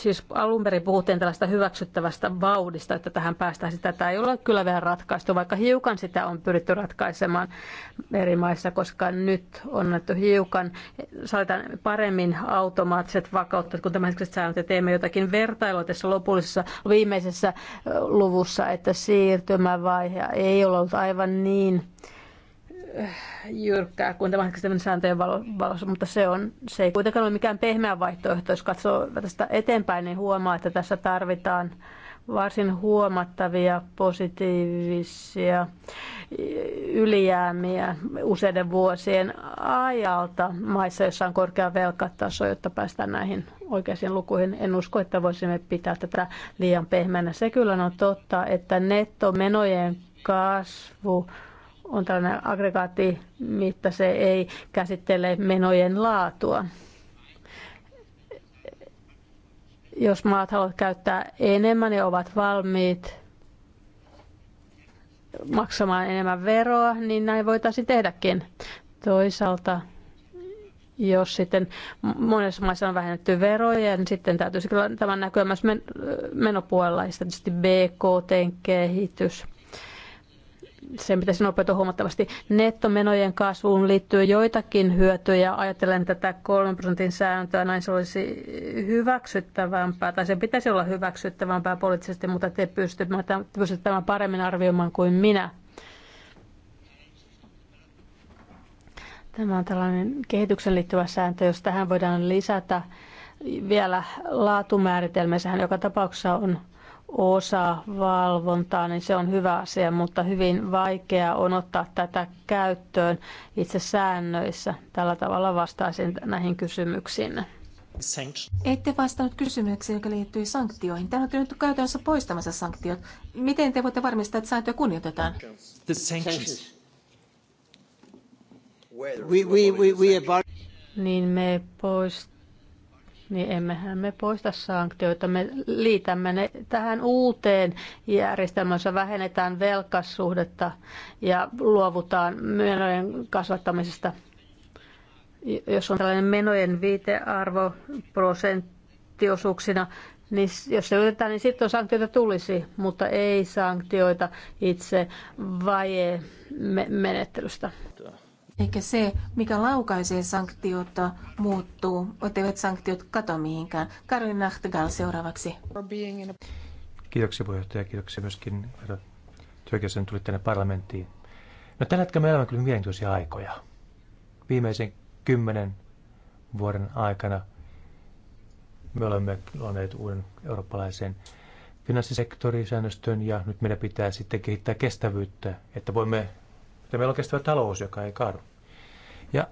siis alun perin puhuttiin tällaista hyväksyttävästä vauhdista, että tähän päästäisiin. Tätä ei ole kyllä vielä ratkaistu, vaikka hiukan sitä on pyritty ratkaisemaan eri maissa, koska nyt nyt on annettu hiukan, saadaan paremmin automaattiset vakauttajat kuin tämänhetkiset säännöt, ja teemme jotakin vertailua tässä lopullisessa viimeisessä luvussa, että siirtymävaihe ei ole ollut aivan niin jyrkkää kuin tämänhetkisten sääntöjen valossa, mutta se, on, se ei kuitenkaan ole mikään pehmeä vaihtoehto. Jos katsoo tästä eteenpäin, niin huomaa, että tässä tarvitaan varsin huomattavia positiivisia ylijäämiä useiden vuosien ajalta maissa, joissa on korkea velkataso, jotta päästään näihin oikeisiin lukuihin. En usko, että voisimme pitää tätä liian pehmeänä. Se kyllä on totta, että nettomenojen kasvu on tällainen aggregaatti, mitä se ei käsittele menojen laatua. Jos maat haluavat käyttää enemmän ja ovat valmiit maksamaan enemmän veroa, niin näin voitaisiin tehdäkin. Toisaalta jos sitten monessa maissa on vähennetty veroja, niin sitten täytyisi kyllä tämän näkyä myös menopuolella ja sitten tietysti BKT kehitys sen pitäisi nopeutua huomattavasti. Nettomenojen kasvuun liittyy joitakin hyötyjä. Ajattelen tätä 3 prosentin sääntöä, näin se olisi hyväksyttävämpää, tai se pitäisi olla hyväksyttävämpää poliittisesti, mutta te pystytte tämän paremmin arvioimaan kuin minä. Tämä on tällainen kehityksen liittyvä sääntö, jos tähän voidaan lisätä vielä laatumääritelmässähän joka tapauksessa on osa valvontaa, niin se on hyvä asia, mutta hyvin vaikea on ottaa tätä käyttöön itse säännöissä. Tällä tavalla vastaisin näihin kysymyksiin. Ette vastannut kysymykseen, joka liittyy sanktioihin. Tämä on nyt käytännössä poistamassa sanktiot. Miten te voitte varmistaa, että sääntöjä kunnioitetaan? Niin me poistamme niin emmehän me poista sanktioita, me liitämme ne tähän uuteen järjestelmään, jossa vähennetään velkassuhdetta ja luovutaan menojen kasvattamisesta. Jos on tällainen menojen viitearvo prosenttiosuuksina, niin jos se yritetään, niin sitten sanktioita tulisi, mutta ei sanktioita itse vaje menettelystä ehkä se, mikä laukaisee sanktiota, muuttuu, etteivät sanktiot kato mihinkään. Karin Nachtigall seuraavaksi. Kiitoksia puheenjohtaja, kiitoksia myöskin herra Työkäsen tuli tänne parlamenttiin. No tällä hetkellä me elämme kyllä mielenkiintoisia aikoja. Viimeisen kymmenen vuoden aikana me olemme luoneet uuden eurooppalaisen finanssisektorisäännöstön ja nyt meidän pitää sitten kehittää kestävyyttä, että voimme että meillä on kestävä talous, joka ei kaadu. Ja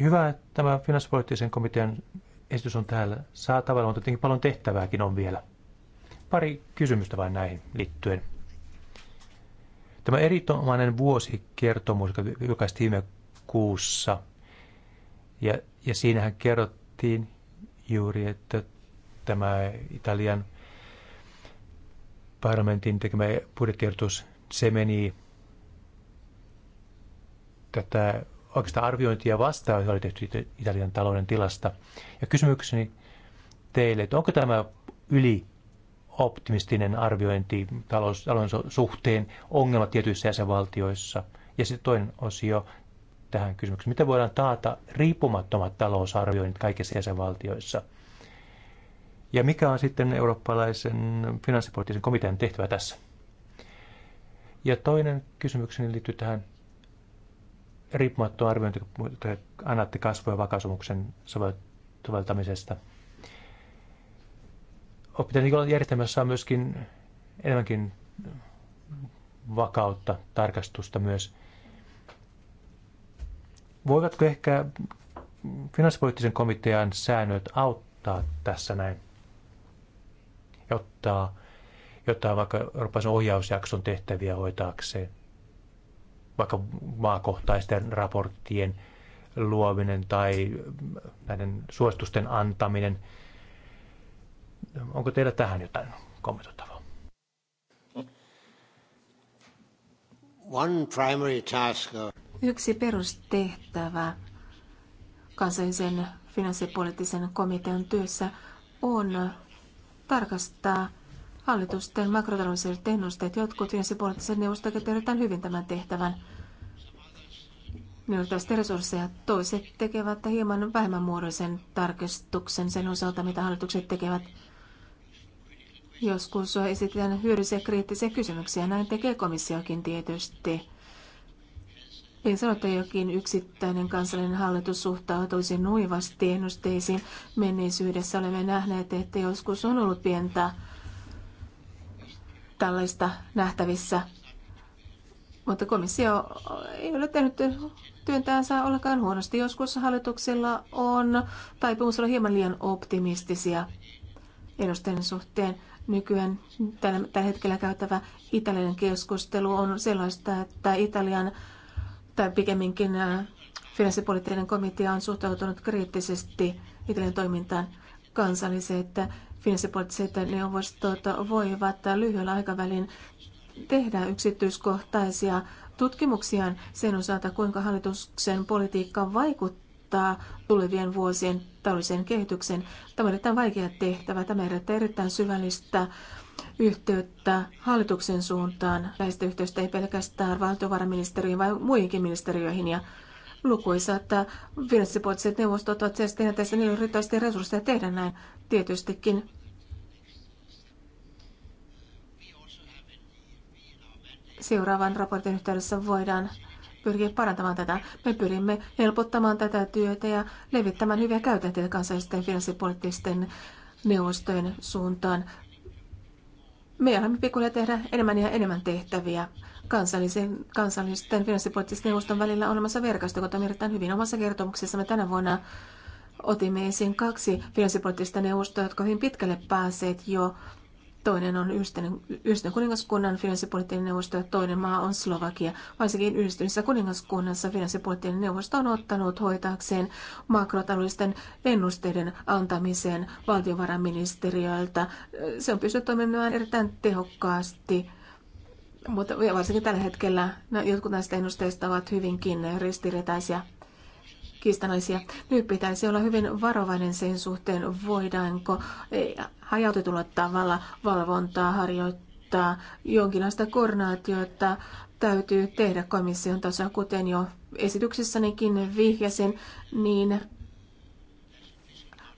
hyvä, että tämä finanssipoliittisen komitean esitys on täällä saatavilla, mutta tietenkin paljon tehtävääkin on vielä. Pari kysymystä vain näihin liittyen. Tämä erinomainen vuosikertomus, joka julkaistiin viime kuussa, ja, ja siinähän kerrottiin juuri, että tämä Italian parlamentin tekemä budjettiehdotus se meni tätä oikeastaan arviointia vastaan, joka oli tehty Italian talouden tilasta. Ja kysymykseni teille, että onko tämä yli optimistinen arviointi talouden suhteen ongelma tietyissä jäsenvaltioissa? Ja sitten toinen osio tähän kysymykseen. Miten voidaan taata riippumattomat talousarvioinnit kaikissa jäsenvaltioissa? Ja mikä on sitten eurooppalaisen finanssipoliittisen komitean tehtävä tässä? Ja toinen kysymykseni liittyy tähän riippumattomaan arviointi, kun annatte kasvu- ja vakausomuksen soveltamisesta. Pitäisikö olla järjestelmässä on myöskin enemmänkin vakautta, tarkastusta myös. Voivatko ehkä finanssipoliittisen komitean säännöt auttaa tässä näin ja ottaa jotain vaikka Euroopan ohjausjakson tehtäviä hoitaakseen, vaikka maakohtaisten raporttien luominen tai näiden suositusten antaminen. Onko teillä tähän jotain kommentoitavaa? One primary task. Yksi perustehtävä kansallisen finanssipoliittisen komitean työssä on tarkastaa hallitusten makrotaloudelliset ennusteet. Jotkut finanssipoliittiset neuvostot erittäin hyvin tämän tehtävän. Ne tästä resursseja. Toiset tekevät hieman vähemmän muodollisen tarkistuksen sen osalta, mitä hallitukset tekevät. Joskus esitetään hyödyllisiä kriittisiä kysymyksiä. Näin tekee komissiokin tietysti. En sano, että jokin yksittäinen kansallinen hallitus suhtautuisi nuivasti ennusteisiin. Menneisyydessä olemme nähneet, että joskus on ollut pientä tällaista nähtävissä. Mutta komissio ei ole tehnyt työntäänsä ollenkaan huonosti. Joskus hallituksilla on taipumus olla hieman liian optimistisia ennusteiden suhteen. Nykyään tällä, hetkellä käytävä italian keskustelu on sellaista, että Italian tai pikemminkin äh, finanssipoliittinen komitea on suhtautunut kriittisesti Italian toimintaan kansalliset sitten neuvostot voivat lyhyellä aikavälin tehdä yksityiskohtaisia tutkimuksiaan sen osalta, kuinka hallituksen politiikka vaikuttaa tulevien vuosien taloudelliseen kehitykseen. Tämä on erittäin vaikea tehtävä. Tämä edellyttää erittäin syvällistä yhteyttä hallituksen suuntaan. Näistä yhteystä ei pelkästään valtiovarainministeriöön, vaan muihinkin ministeriöihin ja että äh, finanssipoliittiset neuvostot ovat siis tehneet tässä niillä riittävästi resursseja tehdä näin tietystikin. Seuraavan raportin yhteydessä voidaan pyrkiä parantamaan tätä. Me pyrimme helpottamaan tätä työtä ja levittämään hyviä käytänteitä kansallisten finanssipoliittisten neuvostojen suuntaan me olemme pikkuhiljaa tehdä enemmän ja enemmän tehtäviä. Kansallisen, kansallisten finanssipoliittisten neuvoston välillä on olemassa verkosto, jota mietitään hyvin omassa kertomuksessamme tänä vuonna otimme esiin kaksi finanssipoliittista neuvostoa, jotka hyvin pitkälle pääseet jo Toinen on Yhdistyneen kuningaskunnan finanssipoliittinen neuvosto ja toinen maa on Slovakia. Varsinkin Yhdistyneessä kuningaskunnassa finanssipoliittinen neuvosto on ottanut hoitaakseen makrotaloudellisten ennusteiden antamiseen valtiovarainministeriöltä. Se on pystynyt toimimaan erittäin tehokkaasti. Mutta varsinkin tällä hetkellä no, jotkut näistä ennusteista ovat hyvinkin ristiriitaisia kiistanaisia. Nyt pitäisi olla hyvin varovainen sen suhteen, voidaanko hajautetulla tavalla valvontaa harjoittaa. Jonkinlaista koordinaatiota täytyy tehdä komission tasolla, kuten jo esityksessänikin vihjasin, niin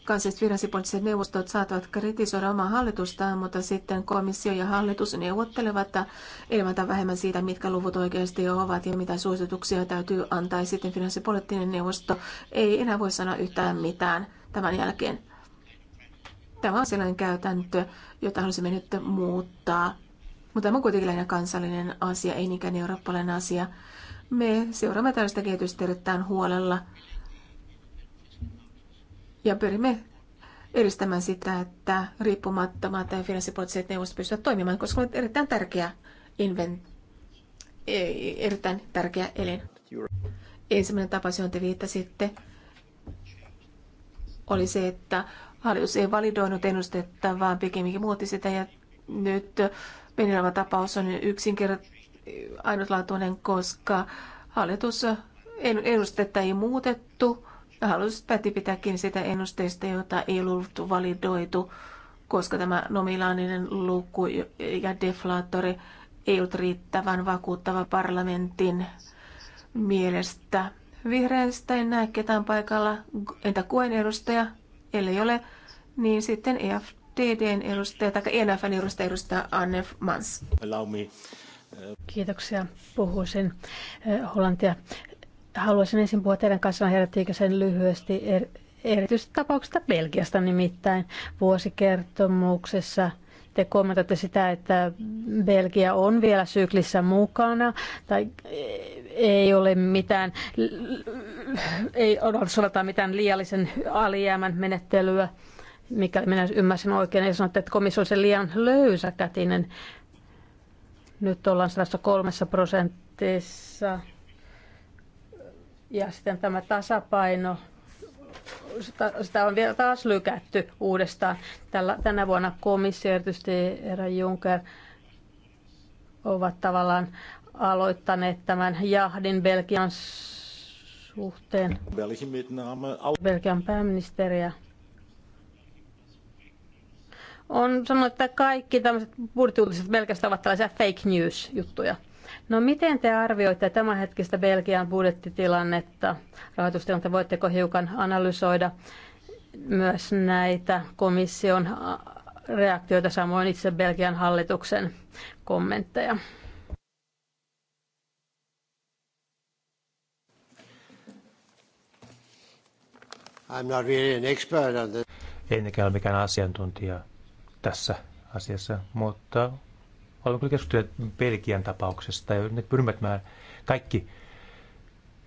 kansalliset finanssipoliittiset neuvostot saattavat kritisoida omaa hallitustaan, mutta sitten komissio ja hallitus neuvottelevat enemmän tai vähemmän siitä, mitkä luvut oikeasti ovat ja mitä suosituksia täytyy antaa. Ja sitten finanssipoliittinen neuvosto ei enää voi sanoa yhtään mitään tämän jälkeen. Tämä on sellainen käytäntö, jota haluaisimme nyt muuttaa. Mutta tämä on kuitenkin lähinnä kansallinen asia, ei niinkään eurooppalainen asia. Me seuraamme tällaista kehitystä erittäin huolella ja pyrimme edistämään sitä, että riippumattomat tai finanssipoliittiset neuvostot pystyvät toimimaan, koska on erittäin tärkeä, inven, e- erittäin tärkeä elin. Ensimmäinen tapaus, johon te viittasitte, oli se, että Hallitus ei validoinut ennustetta, vaan pikemminkin muutti sitä ja nyt Venäjän tapaus on yksinkertainen ainutlaatuinen, koska hallitus ennustetta ei muutettu. Hallitus päätti pitääkin sitä ennusteista, jota ei ollut validoitu, koska tämä nominaaninen luku ja deflaattori ei ollut riittävän vakuuttava parlamentin mielestä. Vihreistä en näe ketään paikalla. Entä kuen edustaja? Ellei ole, niin sitten EFDDn edustaja tai ENFn edustaja edustaa Anne Mans. Uh, Kiitoksia. Puhuisin uh, hollantia. Haluaisin ensin puhua teidän kanssanne herra Tiikäsen lyhyesti er, tapauksesta Belgiasta nimittäin vuosikertomuksessa te kommentoitte sitä, että Belgia on vielä syklissä mukana, tai ei ole mitään, ei sovelleta mitään liiallisen alijäämän menettelyä, mikäli minä ymmärsin oikein, ja sanoitte, että komissio on se liian löysäkätinen. Nyt ollaan kolmessa prosentissa. Ja sitten tämä tasapaino, sitä, sitä on vielä taas lykätty uudestaan. Tällä, tänä vuonna komissio, erityisesti Herra Juncker, ovat tavallaan aloittaneet tämän jahdin Belgian suhteen. Belgian pääministeriä. On sanonut, että kaikki tämmöiset budjettiuutiset Belgiasta ovat tällaisia fake news-juttuja. No miten te arvioitte hetkistä Belgian budjettitilannetta, rahoitustilannetta, voitteko hiukan analysoida myös näitä komission reaktioita, samoin itse Belgian hallituksen kommentteja? I'm not really an expert on this. Ennenkään ole mikään asiantuntija tässä asiassa, mutta olen kyllä keskustellut Belgian tapauksesta ja nyt pyrimme kaikki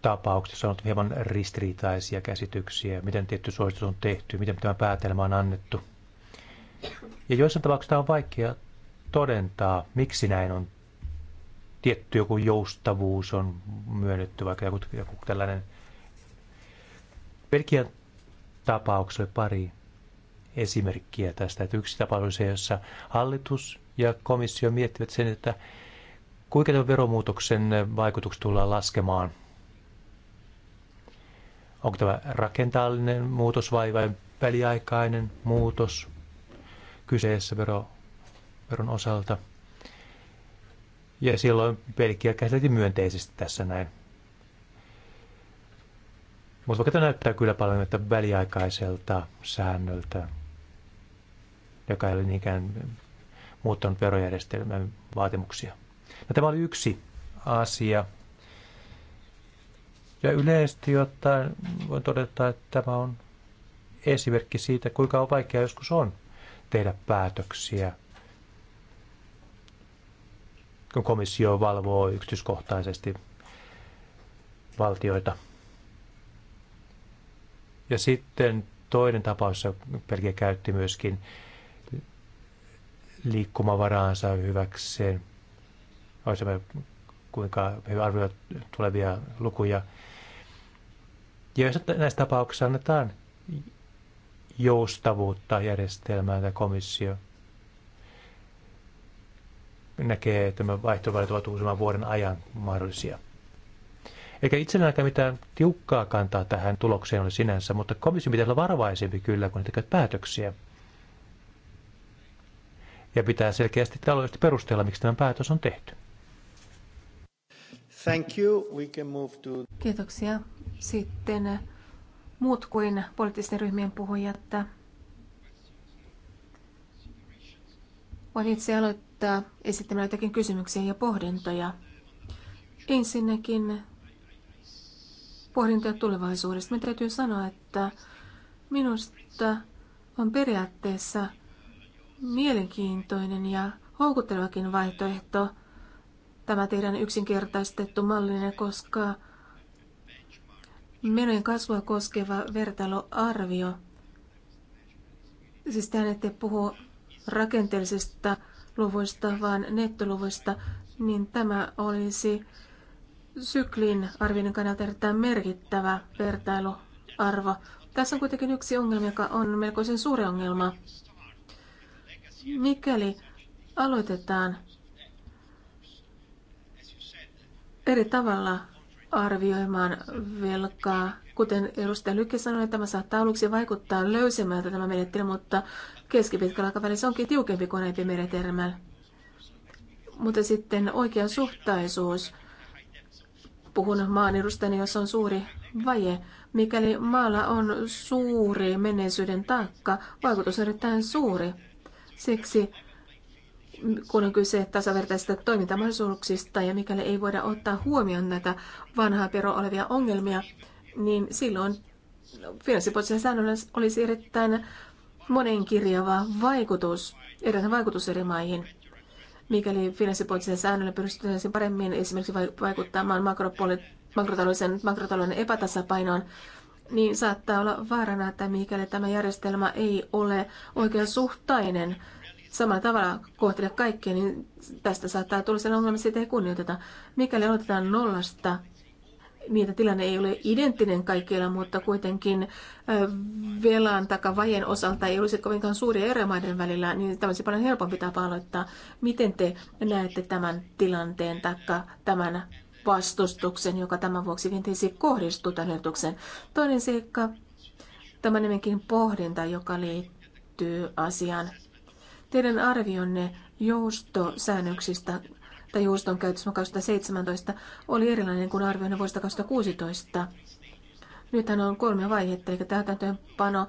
tapauksissa on ollut hieman ristiriitaisia käsityksiä, miten tietty suositus on tehty, miten tämä päätelmä on annettu. Ja joissain tapauksissa on vaikea todentaa, miksi näin on. Tietty joku joustavuus on myönnetty, vaikka joku, joku tällainen Belgian tapaukselle pari esimerkkiä tästä. Että yksi tapaus oli se, jossa hallitus ja komissio miettivät sen, että kuinka tämän veromuutoksen vaikutukset tullaan laskemaan. Onko tämä rakentaallinen muutos vai, vai väliaikainen muutos kyseessä vero, veron osalta. Ja silloin pelkkiä käsiteltiin myönteisesti tässä näin. Mutta vaikka tämä näyttää kyllä paljon että väliaikaiselta säännöltä, joka ei ole niinkään muuttanut verojärjestelmän vaatimuksia. No, tämä oli yksi asia. Ja yleisesti ottaen voin todeta, että tämä on esimerkki siitä, kuinka on vaikea joskus on tehdä päätöksiä, kun komissio valvoo yksityiskohtaisesti valtioita. Ja sitten toinen tapaus, jossa Belgia käytti myöskin liikkumavaraansa hyväkseen. Olisimme kuinka he arvioivat tulevia lukuja. Ja jos näissä tapauksissa annetaan joustavuutta järjestelmään tai komissio näkee, että nämä vaihtoehdot ovat useamman vuoden ajan mahdollisia. Eikä itsellänkään mitään tiukkaa kantaa tähän tulokseen ole sinänsä, mutta komissio pitäisi olla varovaisempi kyllä, kun ne tekevät päätöksiä. Ja pitää selkeästi taloudellisesti perustella, miksi tämä päätös on tehty. Thank you. We can move to... Kiitoksia. Sitten muut kuin poliittisten ryhmien puhujat. Voin itse aloittaa esittämällä jotakin kysymyksiä ja pohdintoja. Ensinnäkin pohdintoja tulevaisuudesta. Me täytyy sanoa, että minusta on periaatteessa mielenkiintoinen ja houkuttelevakin vaihtoehto tämä teidän yksinkertaistettu mallinne, koska menojen kasvua koskeva vertailuarvio, siis tähän ette puhu rakenteellisista luvuista, vaan nettoluvuista, niin tämä olisi syklin arvioinnin kannalta erittäin merkittävä vertailuarvo. Tässä on kuitenkin yksi ongelma, joka on melkoisen suuri ongelma. Mikäli aloitetaan eri tavalla arvioimaan velkaa, kuten edustaja Lykke sanoi, tämä saattaa aluksi vaikuttaa löysemmältä tämä menettely, mutta keskipitkällä aikavälillä se onkin tiukempi kuin epimenetelmällä. Mutta sitten oikean suhtaisuus puhun maan edustajana, jossa on suuri vaje. Mikäli maalla on suuri menneisyyden taakka, vaikutus on erittäin suuri. Siksi kun on kyse tasavertaisista toimintamahdollisuuksista ja mikäli ei voida ottaa huomioon näitä vanhaa pero olevia ongelmia, niin silloin finanssipoliittisella säännöllä olisi erittäin monenkirjava vaikutus, erilainen vaikutus eri maihin mikäli finanssipoliittisen säännöillä pystyttäisiin paremmin esimerkiksi vaikuttamaan makrotalouden, makrotalouden epätasapainoon, niin saattaa olla vaarana, että mikäli tämä järjestelmä ei ole oikeasuhtainen, samalla tavalla kohtele kaikkia, niin tästä saattaa tulla sen ongelma, että sitä ei kunnioiteta. Mikäli aloitetaan nollasta, niin, että tilanne ei ole identtinen kaikkialla, mutta kuitenkin velan takavajen osalta ei olisi kovinkaan suuria eroja maiden välillä, niin tämä olisi paljon helpompi tapa aloittaa. Miten te näette tämän tilanteen tai tämän vastustuksen, joka tämän vuoksi kenties kohdistuu tämän ehdotuksen? Toinen seikka, tämä nimenkin pohdinta, joka liittyy asiaan. Teidän arvionne joustosäännöksistä että juuston käytössä 2017 oli erilainen kuin arvioinnin vuodesta 2016. Nythän on kolme vaihetta, eli täytäntöönpano,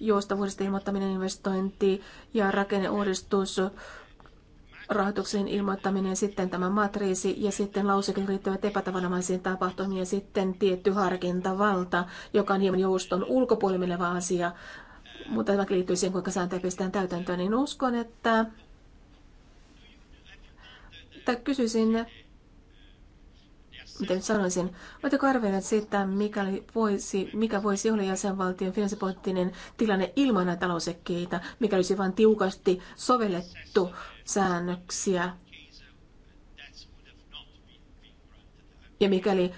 joustavuudesta ilmoittaminen, investointi ja rakenneuudistus, rahoituksen ilmoittaminen, sitten tämä matriisi ja sitten lausekin liittyvät epätavanomaisiin tapahtumiin ja sitten tietty harkintavalta, joka on hieman jouston ulkopuolella asia, mutta tämä liittyy siihen, kuinka sääntöjä pistetään täytäntöön, niin uskon, että tai kysyisin, miten sanoisin, oletteko arvioineet sitä, mikä voisi, mikä voisi olla jäsenvaltion finanssipoliittinen tilanne ilman näitä lausekkeita, mikä olisi vain tiukasti sovellettu säännöksiä? Ja mikäli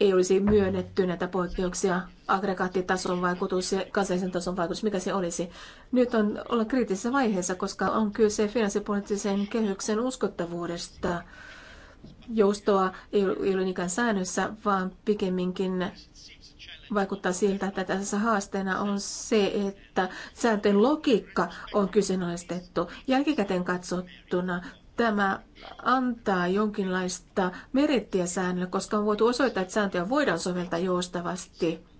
ei olisi myönnetty näitä poikkeuksia aggregaattitason vaikutus ja kansallisen tason vaikutus, mikä se olisi. Nyt on olla kriittisessä vaiheessa, koska on kyse finanssipoliittisen kehyksen uskottavuudesta. Joustoa ei ole niinkään säännössä, vaan pikemminkin vaikuttaa siltä, että tässä haasteena on se, että sääntöjen logiikka on kyseenalaistettu. Jälkikäteen katsottuna tämä antaa jonkinlaista merittiä säännölle, koska on voitu osoittaa, että sääntöjä voidaan soveltaa joustavasti.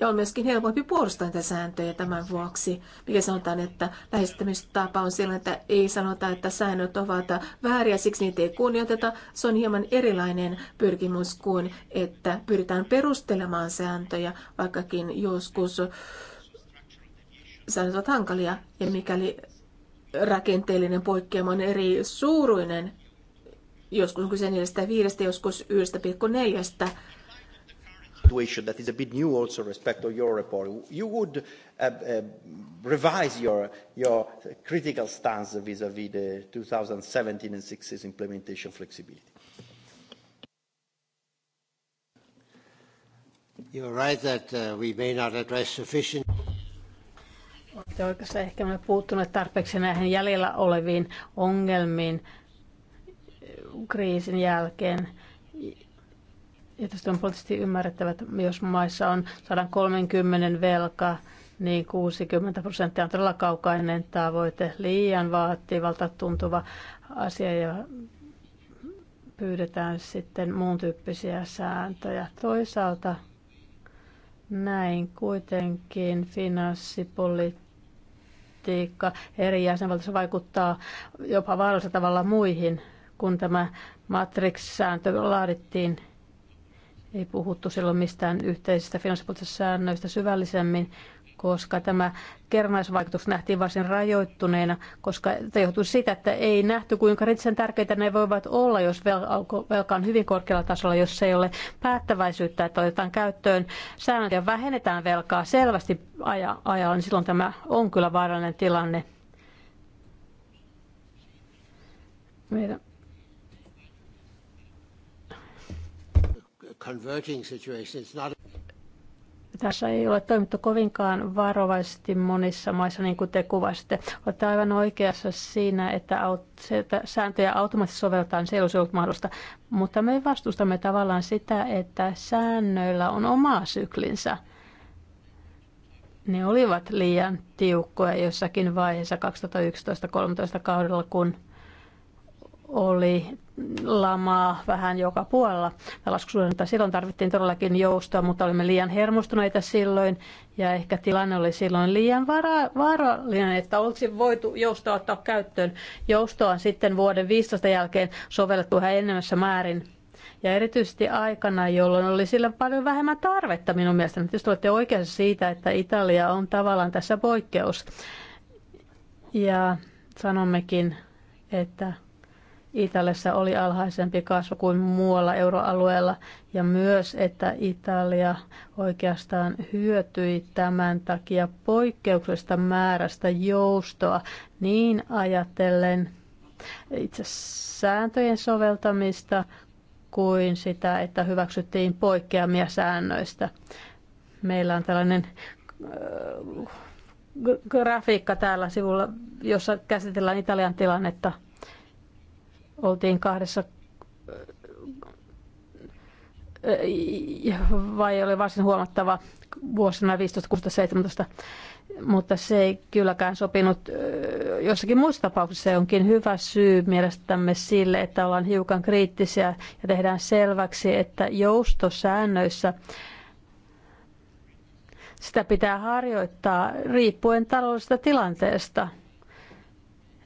Ja on myöskin helpompi puolustaa näitä sääntöjä tämän vuoksi, mikä sanotaan, että lähestymistapa on silloin, että ei sanota, että säännöt ovat vääriä, siksi niitä ei kunnioiteta. Se on hieman erilainen pyrkimys kuin, että pyritään perustelemaan sääntöjä, vaikkakin joskus säännöt ovat hankalia. Ja mikäli rakenteellinen poikkeama on eri suuruinen, joskus kyse 4,5, joskus 1,4 situation that is a bit new also respect to your report, you would uh, uh, revise your, your critical stance vis-à-vis -vis the 2017 and 16 implementation flexibility. You're right that uh, we may not address sufficient olette oikeastaan ehkä me puuttuneet tarpeeksi näihin jäljellä oleviin ongelmiin äh, kriisin jälkeen tästä on poliittisesti että jos maissa on 130 velka, niin 60 prosenttia on todella kaukainen tavoite, liian vaativalta tuntuva asia ja pyydetään sitten muun tyyppisiä sääntöjä. Toisaalta näin kuitenkin finanssipolitiikka eri jäsenvaltioissa vaikuttaa jopa vaarallisella tavalla muihin, kun tämä matrix-sääntö laadittiin ei puhuttu silloin mistään yhteisistä finanssipoliittisista säännöistä syvällisemmin, koska tämä kerrannaisvaikutus nähtiin varsin rajoittuneena, koska tämä johtui siitä, että ei nähty, kuinka ritsen tärkeitä ne voivat olla, jos velka on hyvin korkealla tasolla, jos ei ole päättäväisyyttä, että otetaan käyttöön säännöt ja vähennetään velkaa selvästi ajalla, niin silloin tämä on kyllä vaarallinen tilanne. Meidän tässä ei ole toimittu kovinkaan varovaisesti monissa maissa, niin kuin te kuvasitte. Olette aivan oikeassa siinä, että, aut- se, että sääntöjä automaattisesti sovelletaan, se ei olisi ollut mahdollista. Mutta me vastustamme tavallaan sitä, että säännöillä on oma syklinsä. Ne olivat liian tiukkoja jossakin vaiheessa 2011-2013 kaudella, kun oli lamaa vähän joka puolella laskusuhdannetta. Silloin tarvittiin todellakin joustoa, mutta olimme liian hermostuneita silloin ja ehkä tilanne oli silloin liian vara- vaarallinen, että olisi voitu joustoa ottaa käyttöön. Joustoa on sitten vuoden 15 jälkeen sovellettu vähän enemmässä määrin ja erityisesti aikana, jolloin oli sillä paljon vähemmän tarvetta minun mielestäni. Tietysti olette oikeassa siitä, että Italia on tavallaan tässä poikkeus. Ja sanommekin, että Italiassa oli alhaisempi kasvu kuin muualla euroalueella ja myös, että Italia oikeastaan hyötyi tämän takia poikkeuksesta määrästä joustoa niin ajatellen itse sääntöjen soveltamista kuin sitä, että hyväksyttiin poikkeamia säännöistä. Meillä on tällainen äh, grafiikka täällä sivulla, jossa käsitellään Italian tilannetta – oltiin kahdessa vai oli varsin huomattava vuosina 15, 17, mutta se ei kylläkään sopinut. Jossakin muissa tapauksissa onkin hyvä syy mielestämme sille, että ollaan hiukan kriittisiä ja tehdään selväksi, että joustosäännöissä sitä pitää harjoittaa riippuen taloudellisesta tilanteesta –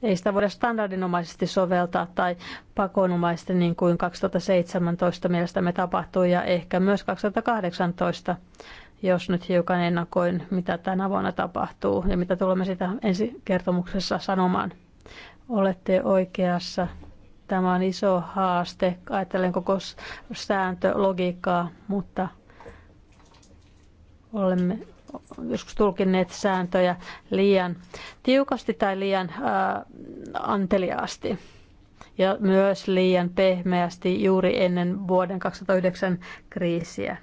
ei sitä voida standardinomaisesti soveltaa tai pakonomaisesti niin kuin 2017 mielestämme tapahtui ja ehkä myös 2018, jos nyt hiukan ennakoin, mitä tänä vuonna tapahtuu ja mitä tulemme sitä ensi kertomuksessa sanomaan. Olette oikeassa. Tämä on iso haaste. Ajattelen koko sääntölogiikkaa, mutta olemme joskus tulkinneet sääntöjä liian tiukasti tai liian ää, anteliaasti ja myös liian pehmeästi juuri ennen vuoden 2009 kriisiä.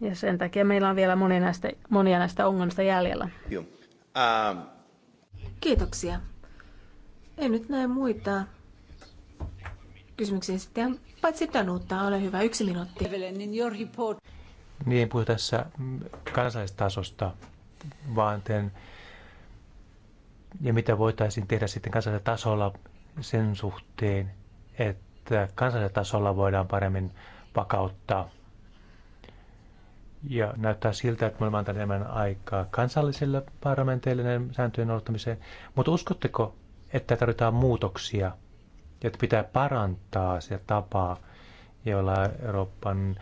Ja sen takia meillä on vielä monia näistä, monia näistä ongelmista jäljellä. Kiitoksia. En nyt näe muita kysymyksiä sitten, paitsi Tanuutta, ole hyvä, yksi minuutti niin ei puhu tässä kansallistasosta, vaan ten, ja mitä voitaisiin tehdä sitten kansallisella tasolla sen suhteen, että kansallisella tasolla voidaan paremmin vakauttaa ja näyttää siltä, että me olemme antaneet enemmän aikaa kansallisille parlamenteille näiden sääntöjen noudattamiseen. Mutta uskotteko, että tarvitaan muutoksia, että pitää parantaa sitä tapaa, jolla Euroopan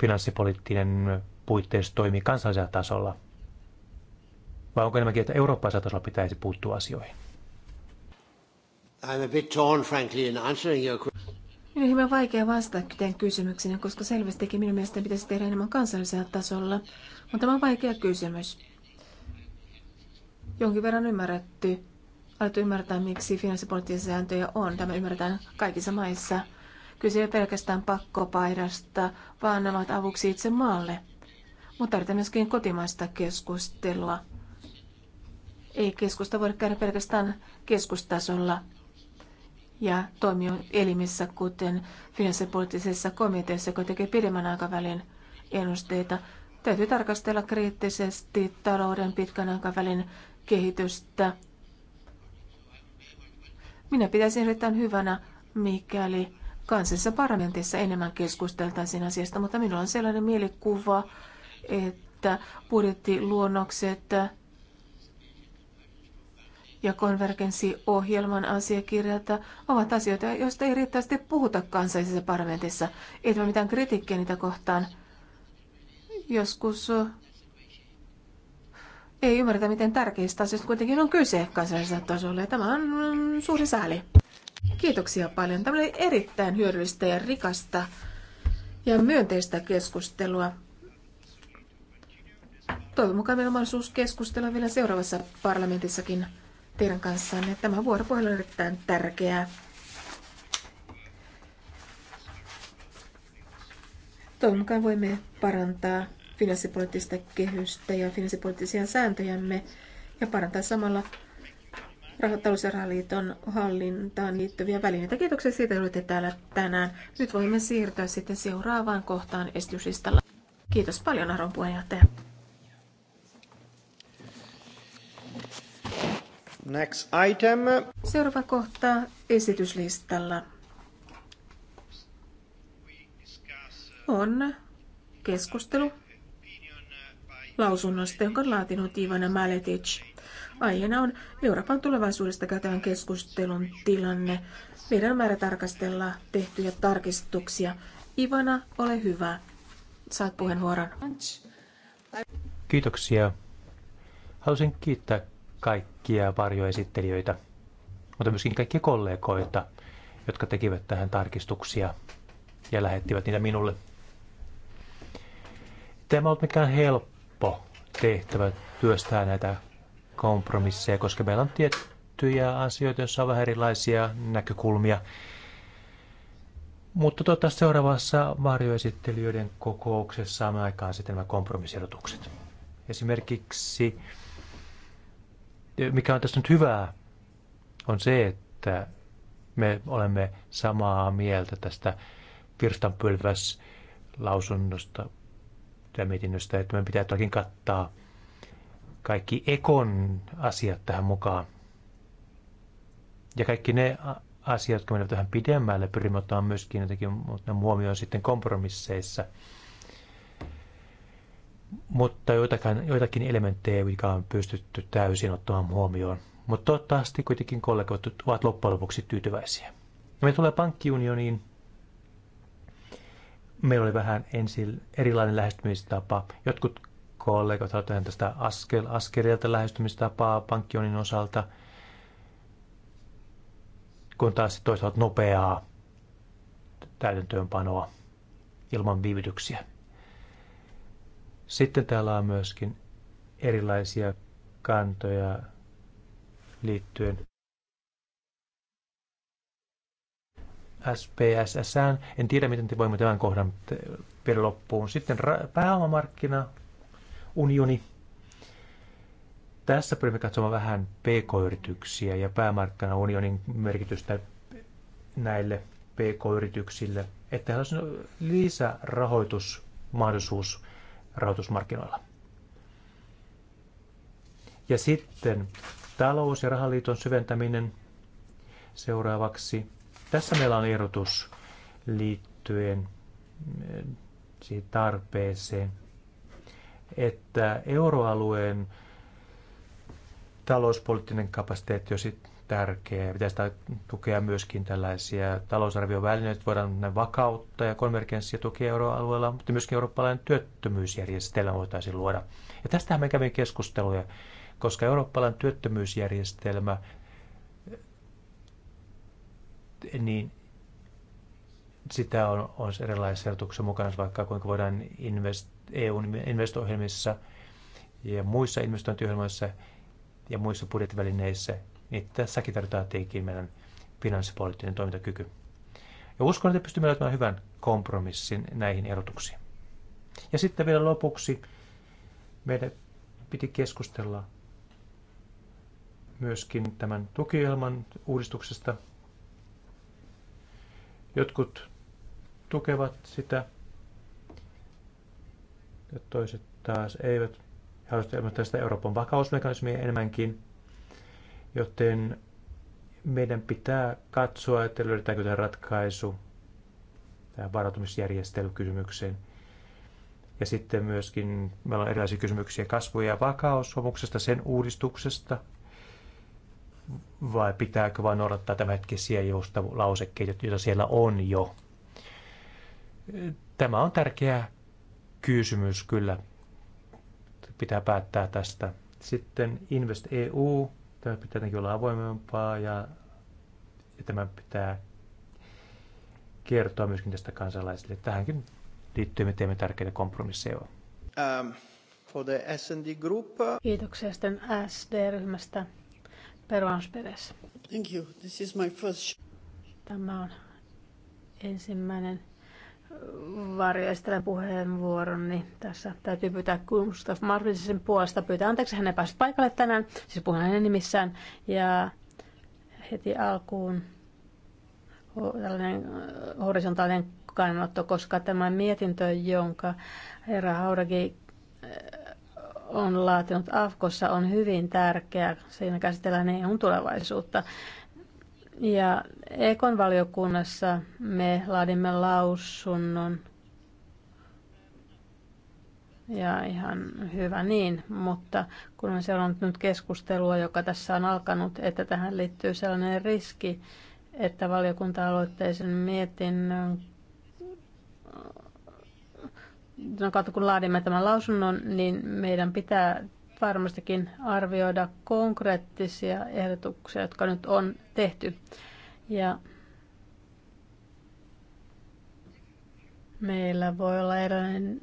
finanssipoliittinen puitteissa toimii kansallisella tasolla? Vai onko enemmänkin, että eurooppalaisella tasolla pitäisi puuttua asioihin? I'm a bit torn, frankly, in answering your question. Minun on hieman vaikea vastata tämän kysymyksenne, koska selvästikin minun mielestäni pitäisi tehdä enemmän kansallisella tasolla. Mutta tämä on vaikea kysymys. Jonkin verran ymmärretty, alettu ymmärtää, miksi finanssipoliittisia sääntöjä on. Tämä ymmärretään kaikissa maissa – Kyse ei pelkästään pakkopaidasta, vaan ne ovat avuksi itse maalle. Mutta tarvitaan myöskin kotimaista keskustella, Ei keskusta voi käydä pelkästään keskustasolla ja elimissä, kuten finanssipoliittisessa komiteassa, joka tekee pidemmän aikavälin ennusteita. Täytyy tarkastella kriittisesti talouden pitkän aikavälin kehitystä. Minä pitäisin erittäin hyvänä, mikäli kansallisessa parlamentissa enemmän keskusteltaisiin asiasta, mutta minulla on sellainen mielikuva, että budjettiluonnokset ja konvergenssiohjelman asiakirjat ovat asioita, joista ei riittävästi puhuta kansallisessa parlamentissa. Ei ole mitään kritiikkiä niitä kohtaan. Joskus ei ymmärretä, miten tärkeistä asioista kuitenkin on kyse kansallisella tasolla, ja tämä on suuri sääli. Kiitoksia paljon. Tämä oli erittäin hyödyllistä ja rikasta ja myönteistä keskustelua. Toivon mukaan meillä on mahdollisuus keskustella vielä seuraavassa parlamentissakin teidän kanssanne. Tämä vuoropuhelu on erittäin tärkeää. Toivon mukaan voimme parantaa finanssipoliittista kehystä ja finanssipoliittisia sääntöjämme ja parantaa samalla rahoittaus- hallintaan liittyviä välineitä. Kiitoksia siitä, että olette täällä tänään. Nyt voimme siirtyä sitten seuraavaan kohtaan esityslistalla. Kiitos paljon, Aron puheenjohtaja. Next item. Seuraava kohta esityslistalla on keskustelu lausunnosta, jonka on laatinut Ivana Maletic Aiheena on Euroopan tulevaisuudesta käytävän keskustelun tilanne. Meidän määrä tarkastella tehtyjä tarkistuksia. Ivana, ole hyvä. Saat puheenvuoron. Kiitoksia. Haluaisin kiittää kaikkia varjoesittelijöitä, mutta myöskin kaikkia kollegoita, jotka tekivät tähän tarkistuksia ja lähettivät niitä minulle. Tämä on ollut mikään helppo tehtävä työstää näitä kompromisseja, koska meillä on tiettyjä asioita, joissa on vähän erilaisia näkökulmia. Mutta tuota, seuraavassa varjoesittelijöiden kokouksessa saamme aikaan sitten nämä kompromissiedotukset. Esimerkiksi, mikä on tässä nyt hyvää, on se, että me olemme samaa mieltä tästä virstanpylväs lausunnosta ja mietinnöstä, että meidän pitää toki kattaa kaikki ekon asiat tähän mukaan. Ja kaikki ne asiat, jotka menevät vähän pidemmälle, pyrimme ottamaan myöskin jotenkin huomioon sitten kompromisseissa. Mutta joitakin, joitakin elementtejä ei on pystytty täysin ottamaan huomioon. Mutta toivottavasti kuitenkin kollegat ovat loppujen lopuksi tyytyväisiä. Ja me tulee pankkiunioniin. Meillä oli vähän ensin erilainen lähestymistapa. Jotkut kollegat ovat tästä askel, askeleelta lähestymistapaa pankkionin osalta, kun taas toisaalta nopeaa täytäntöönpanoa ilman viivytyksiä. Sitten täällä on myöskin erilaisia kantoja liittyen SPSS. En tiedä, miten te voimme tämän kohdan vielä loppuun. Sitten ra- pääomamarkkina, unioni. Tässä pyrimme katsomaan vähän pk-yrityksiä ja päämarkkinaunionin merkitystä näille pk-yrityksille, että heillä olisi lisärahoitusmahdollisuus rahoitusmarkkinoilla. Ja sitten talous- ja rahaliiton syventäminen seuraavaksi. Tässä meillä on ehdotus liittyen eh, siihen tarpeeseen että euroalueen talouspoliittinen kapasiteetti on tärkeä. Pitäisi tukea myöskin tällaisia talousarviovälineitä, että voidaan vakautta ja konvergenssia tukea euroalueella, mutta myöskin eurooppalainen työttömyysjärjestelmä voitaisiin luoda. Ja tästähän me kävimme keskusteluja, koska eurooppalainen työttömyysjärjestelmä niin sitä on, on erilaisia ehdotuksissa mukana, vaikka kuinka voidaan invest, EUn investointiohjelmissa ja muissa investointiohjelmissa ja muissa budjettivälineissä, niin tässäkin tarvitaan tietenkin meidän finanssipoliittinen toimintakyky. Ja uskon, että pystymme löytämään hyvän kompromissin näihin erotuksiin. Ja sitten vielä lopuksi meidän piti keskustella myöskin tämän tukiohjelman uudistuksesta. Jotkut tukevat sitä, ja toiset taas eivät. He haluaisivat ilmoittaa sitä Euroopan vakausmekanismia enemmänkin, joten meidän pitää katsoa, että löydetäänkö tämä ratkaisu tähän varautumisjärjestelykysymykseen. Ja sitten myöskin meillä on erilaisia kysymyksiä kasvu- ja vakaussopimuksesta, sen uudistuksesta, vai pitääkö vain noudattaa tämänhetkisiä joustavuuslausekkeita, joita siellä on jo. Tämä on tärkeää kysymys kyllä. Pitää päättää tästä. Sitten Invest EU, tämä pitää tietenkin olla avoimempaa ja, ja tämä pitää kertoa myöskin tästä kansalaisille. Tähänkin liittyy me teemme tärkeitä kompromisseja. Um, for the S&D group. Uh, Kiitoksia sitten SD-ryhmästä. Pervans Thank you. This is my first... Tämä on ensimmäinen varjoistelen puheenvuoroni. Niin tässä täytyy pyytää Gustav Marvisen puolesta. Pyytää anteeksi, hän ei päässyt paikalle tänään, siis puhun hänen nimissään. Ja heti alkuun tällainen äh, horisontaalinen kannanotto, koska tämä mietintö, jonka herra Hauragi äh, on laatinut Afkossa, on hyvin tärkeä. Siinä käsitellään EUn niin tulevaisuutta. Ja Ekon valiokunnassa me laadimme lausunnon. Ja ihan hyvä niin, mutta kun on seurannut nyt keskustelua, joka tässä on alkanut, että tähän liittyy sellainen riski, että valiokunta-aloitteisen mietinnön no kautta kun laadimme tämän lausunnon, niin meidän pitää varmastikin arvioida konkreettisia ehdotuksia, jotka nyt on tehty. Ja meillä voi olla erilainen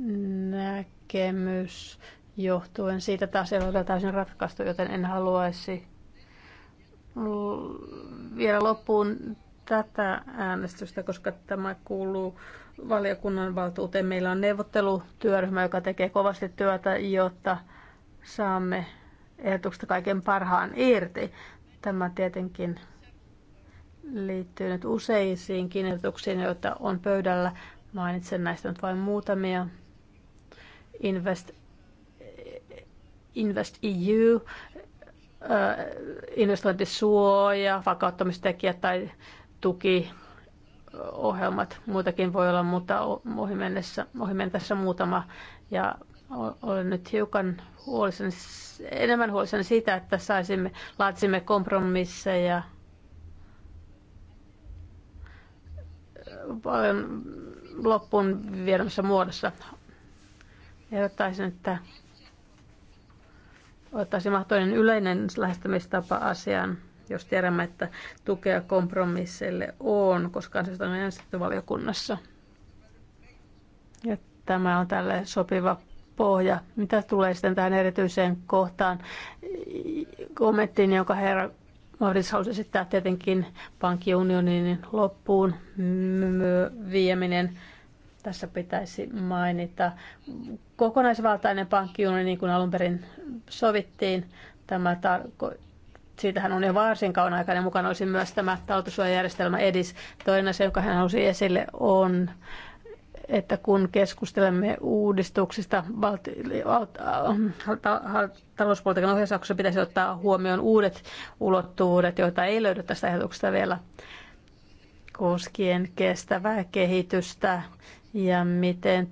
näkemys johtuen siitä että asia on täysin ratkaistu, joten en haluaisi vielä loppuun tätä äänestystä, koska tämä kuuluu valiokunnan valtuuteen. Meillä on neuvottelutyöryhmä, joka tekee kovasti työtä, jotta saamme ehdotuksesta kaiken parhaan irti. Tämä tietenkin liittyy nyt useisiin ehdotuksiin, joita on pöydällä. Mainitsen näistä nyt vain muutamia. Invest, Invest EU, äh, investointisuoja, vakauttamistekijät tai tuki ohjelmat, muitakin voi olla, mutta ohi, mennessä, ohi mennessä muutama. Ja olen nyt hiukan huolisen, enemmän huolisen sitä, että saisimme, laatisimme kompromisseja Olen loppuun viedämässä muodossa. Ehdottaisin, että ottaisiin mahdollinen yleinen lähestymistapa asiaan, jos tiedämme, että tukea kompromisseille on, koska se on äänestetty valiokunnassa. Ja tämä on tälle sopiva pohja. Mitä tulee sitten tähän erityiseen kohtaan, kommenttiin, jonka herra Mahdollis halusi esittää tietenkin pankkiunionin loppuun vieminen. Tässä pitäisi mainita kokonaisvaltainen pankkiunioni, niin kuin alun perin sovittiin. Tämä tarko- siitähän on jo varsin kauan aikainen mukana olisi myös tämä talletussuojajärjestelmä EDIS. Toinen asia, joka hän halusi esille, on että kun keskustelemme uudistuksista, talouspolitiikan ohjausjaksossa pitäisi ottaa huomioon uudet ulottuvuudet, joita ei löydy tästä ehdotuksesta vielä koskien kestävää kehitystä ja miten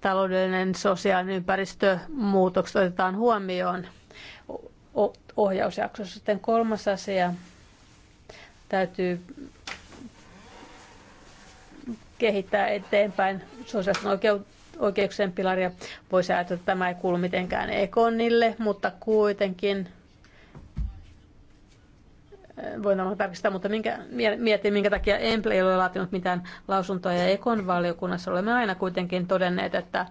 taloudellinen sosiaalinen ympäristömuutokset otetaan huomioon ohjausjaksossa. Sitten kolmas asia täytyy kehittää eteenpäin sosiaalisten oikeuksien pilaria. Voisi ajatella, että tämä ei kuulu mitenkään Ekonille, mutta kuitenkin eh, voin olla tarkistaa, mutta minkä, mietin, minkä takia Emple ei ole laatinut mitään lausuntoja. Ja Ekon valiokunnassa olemme aina kuitenkin todenneet, että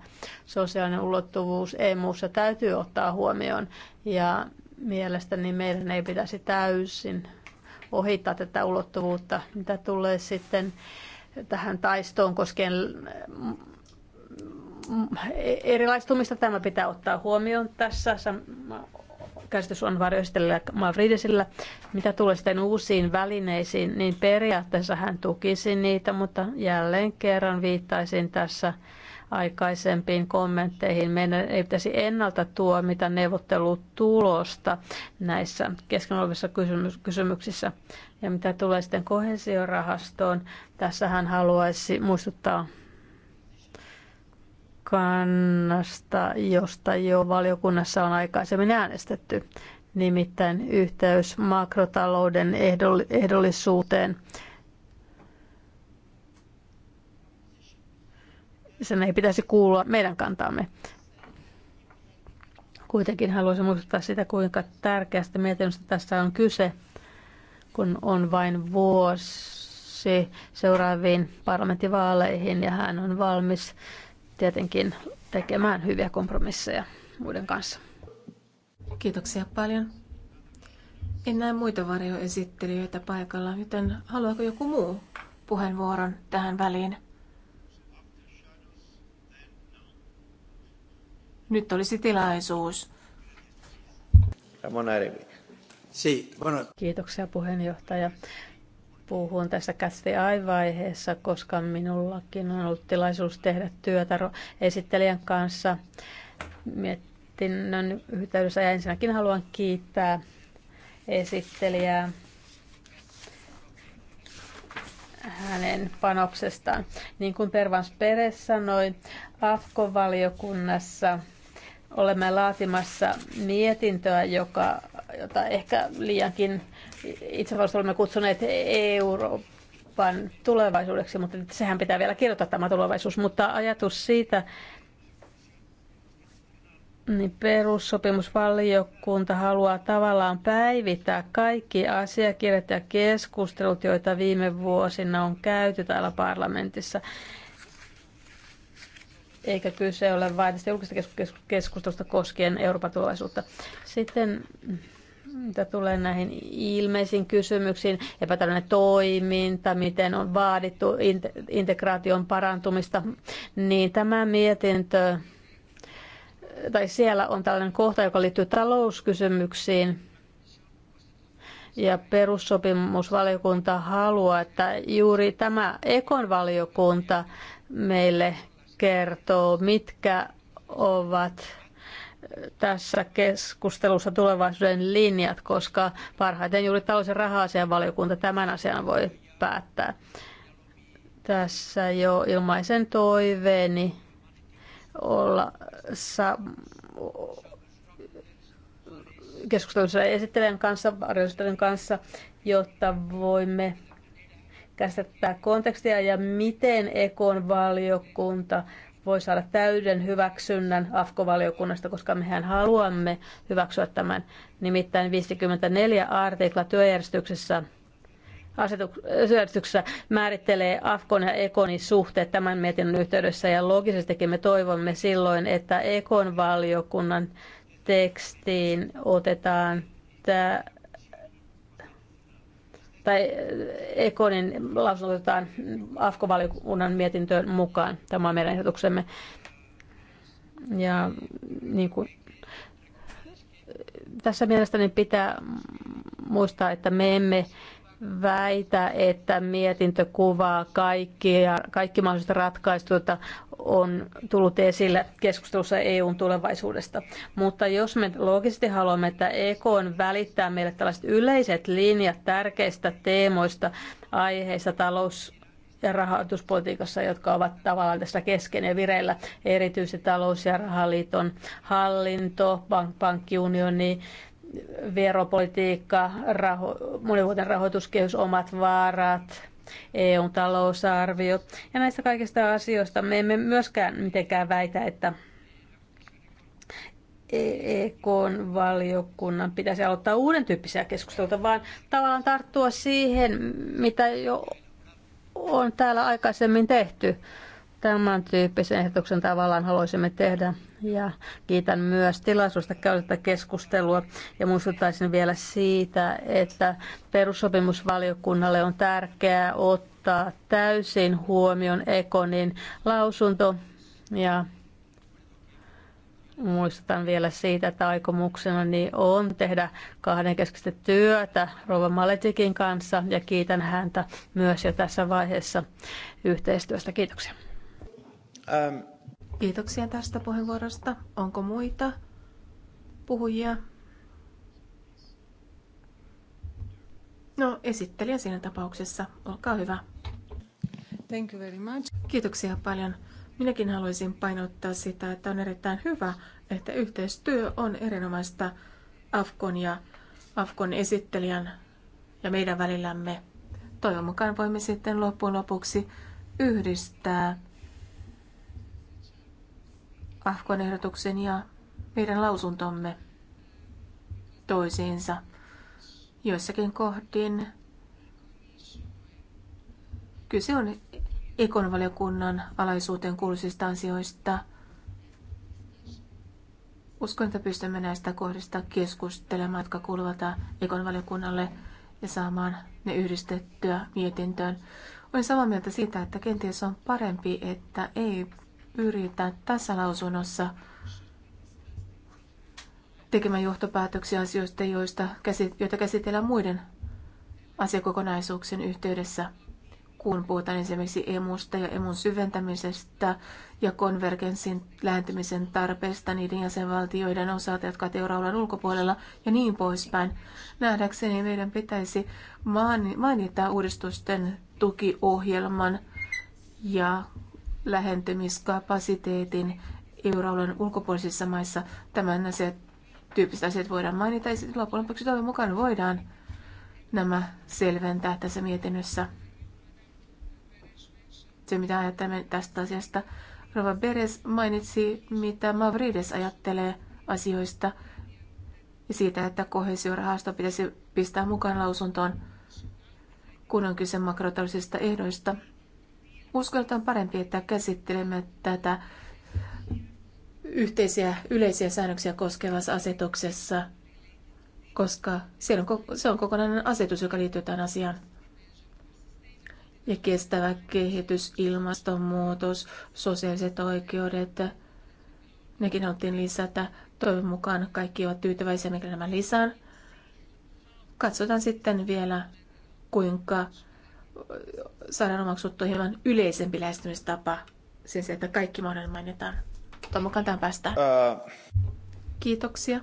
sosiaalinen ulottuvuus ei muussa täytyy ottaa huomioon. Ja mielestäni meidän ei pitäisi täysin ohittaa tätä ulottuvuutta, mitä tulee sitten tähän taistoon koskien mm, erilaistumista. Tämä pitää ottaa huomioon tässä. Käsitys on varjoistelijalla Mavridisillä. Mitä tulee sitten uusiin välineisiin, niin periaatteessa hän tukisi niitä, mutta jälleen kerran viittaisin tässä aikaisempiin kommentteihin. Meidän ei pitäisi ennalta tuomita neuvottelutulosta näissä kesken olevissa kysymyksissä. Ja mitä tulee sitten kohesiorahastoon, tässähän haluaisi muistuttaa kannasta, josta jo valiokunnassa on aikaisemmin äänestetty, nimittäin yhteys makrotalouden ehdollisuuteen sen ei pitäisi kuulua meidän kantaamme. Kuitenkin haluaisin muistuttaa sitä, kuinka tärkeästä mietinnöstä tässä on kyse, kun on vain vuosi seuraaviin parlamenttivaaleihin ja hän on valmis tietenkin tekemään hyviä kompromisseja muiden kanssa. Kiitoksia paljon. En näe muita varjoesittelijöitä paikalla, joten haluaako joku muu puheenvuoron tähän väliin? Nyt olisi tilaisuus. Kiitoksia puheenjohtaja. Puhun tässä kästi vaiheessa koska minullakin on ollut tilaisuus tehdä työtä esittelijän kanssa Miettinnön yhteydessä. Ja ensinnäkin haluan kiittää esittelijää hänen panoksestaan. Niin kuin Pervans Peres sanoi, AFKO-valiokunnassa – olemme laatimassa mietintöä, joka, jota ehkä liiankin itse asiassa olemme kutsuneet Euroopan tulevaisuudeksi, mutta sehän pitää vielä kirjoittaa tämä tulevaisuus. Mutta ajatus siitä, niin perussopimusvaliokunta haluaa tavallaan päivittää kaikki asiakirjat ja keskustelut, joita viime vuosina on käyty täällä parlamentissa eikä kyse ole vain tästä julkista keskustelusta koskien Euroopan tulevaisuutta. Sitten mitä tulee näihin ilmeisiin kysymyksiin, epätäydellinen toiminta, miten on vaadittu integraation parantumista, niin tämä mietintö, tai siellä on tällainen kohta, joka liittyy talouskysymyksiin, ja perussopimusvaliokunta haluaa, että juuri tämä ekonvaliokunta meille kertoo, mitkä ovat tässä keskustelussa tulevaisuuden linjat, koska parhaiten juuri talous- ja raha-asianvaliokunta tämän asian voi päättää. Tässä jo ilmaisen toiveeni olla sa- keskustelussa esittelen kanssa, varjoistelijan kanssa, jotta voimme käsittää kontekstia ja miten Ekon valiokunta voi saada täyden hyväksynnän AFKO-valiokunnasta, koska mehän haluamme hyväksyä tämän. Nimittäin 54 artikla työjärjestyksessä asetuksessa määrittelee Afkon ja Ekonin suhteet tämän mietinnön yhteydessä ja logisestikin me toivomme silloin, että Ekon valiokunnan tekstiin otetaan tämä tai eh, Ekonin lausunnotetaan otetaan AFKO-valiokunnan mietintöön mukaan. Tämä on meidän ehdotuksemme. Ja niin kuin, eh, tässä mielestäni pitää muistaa, että me emme väitä, että mietintö kuvaa kaikki ja kaikki mahdolliset ratkaisut, joita on tullut esille keskustelussa EUn tulevaisuudesta. Mutta jos me loogisesti haluamme, että EK on välittää meille tällaiset yleiset linjat tärkeistä teemoista, aiheista, talous, ja rahoituspolitiikassa, jotka ovat tavallaan tässä kesken ja vireillä, erityisesti talous- ja rahaliiton hallinto, pank- pankkiunioni, veropolitiikka, raho, monivuotinen rahoituskehys, omat vaarat, eu talousarvio. Ja näistä kaikista asioista me emme myöskään mitenkään väitä, että EK-valiokunnan pitäisi aloittaa uuden tyyppisiä keskusteluita, vaan tavallaan tarttua siihen, mitä jo on täällä aikaisemmin tehty. Tämän tyyppisen ehdotuksen tavallaan haluaisimme tehdä ja kiitän myös tilaisuudesta käydä keskustelua ja muistuttaisin vielä siitä, että perussopimusvaliokunnalle on tärkeää ottaa täysin huomioon Ekonin lausunto ja muistutan vielä siitä, että aikomuksena niin on tehdä kahdenkeskistä työtä Rova Maletikin kanssa ja kiitän häntä myös jo tässä vaiheessa yhteistyöstä. Kiitoksia. Um. Kiitoksia tästä puheenvuorosta. Onko muita puhujia? No, esittelijä siinä tapauksessa. Olkaa hyvä. Thank you very much. Kiitoksia paljon. Minäkin haluaisin painottaa sitä, että on erittäin hyvä, että yhteistyö on erinomaista Afkon ja Afkon esittelijän ja meidän välillämme. Toivon mukaan voimme sitten loppujen lopuksi yhdistää Afkon ehdotuksen ja meidän lausuntomme toisiinsa. Joissakin kohdin kyse on ekonvaliokunnan alaisuuteen kuuluisista asioista. Uskon, että pystymme näistä kohdista keskustelemaan, jotka kuuluvat ekonvaliokunnalle ja saamaan ne yhdistettyä mietintöön. Olen samaa mieltä siitä, että kenties on parempi, että ei yritä tässä lausunnossa tekemään johtopäätöksiä asioista, joista, joita käsitellään muiden asiakokonaisuuksien yhteydessä, kun puhutaan esimerkiksi emusta ja emun syventämisestä ja konvergenssin lähentymisen tarpeesta niiden jäsenvaltioiden osalta, jotka ovat euroalueen ulkopuolella ja niin poispäin. Nähdäkseni meidän pitäisi mainita uudistusten tukiohjelman ja lähentymiskapasiteetin euroalueen ulkopuolisissa maissa. Tämän asiat, tyyppiset asiat voidaan mainita ja sitten loppujen lopuksi toivon mukaan voidaan nämä selventää tässä mietinnössä. Se, mitä ajattelemme tästä asiasta, Rova Beres mainitsi, mitä Mavrides ajattelee asioista ja siitä, että kohesiorahasto pitäisi pistää mukaan lausuntoon, kun on kyse makrotaloudellisista ehdoista. Uskon, että on parempi, että käsittelemme tätä yhteisiä yleisiä säännöksiä koskevassa asetuksessa, koska siellä on, se on kokonainen asetus, joka liittyy tähän asiaan. Ja kestävä kehitys, ilmastonmuutos, sosiaaliset oikeudet, nekin haluttiin lisätä. Toivon mukaan kaikki ovat tyytyväisiä, mikä nämä lisään. Katsotaan sitten vielä, kuinka saadaan omaksuttua hieman yleisempi lähestymistapa sen sijaan, että kaikki mahdollinen mainitaan. Toivon mukaan tämän päästään. Ää... Kiitoksia.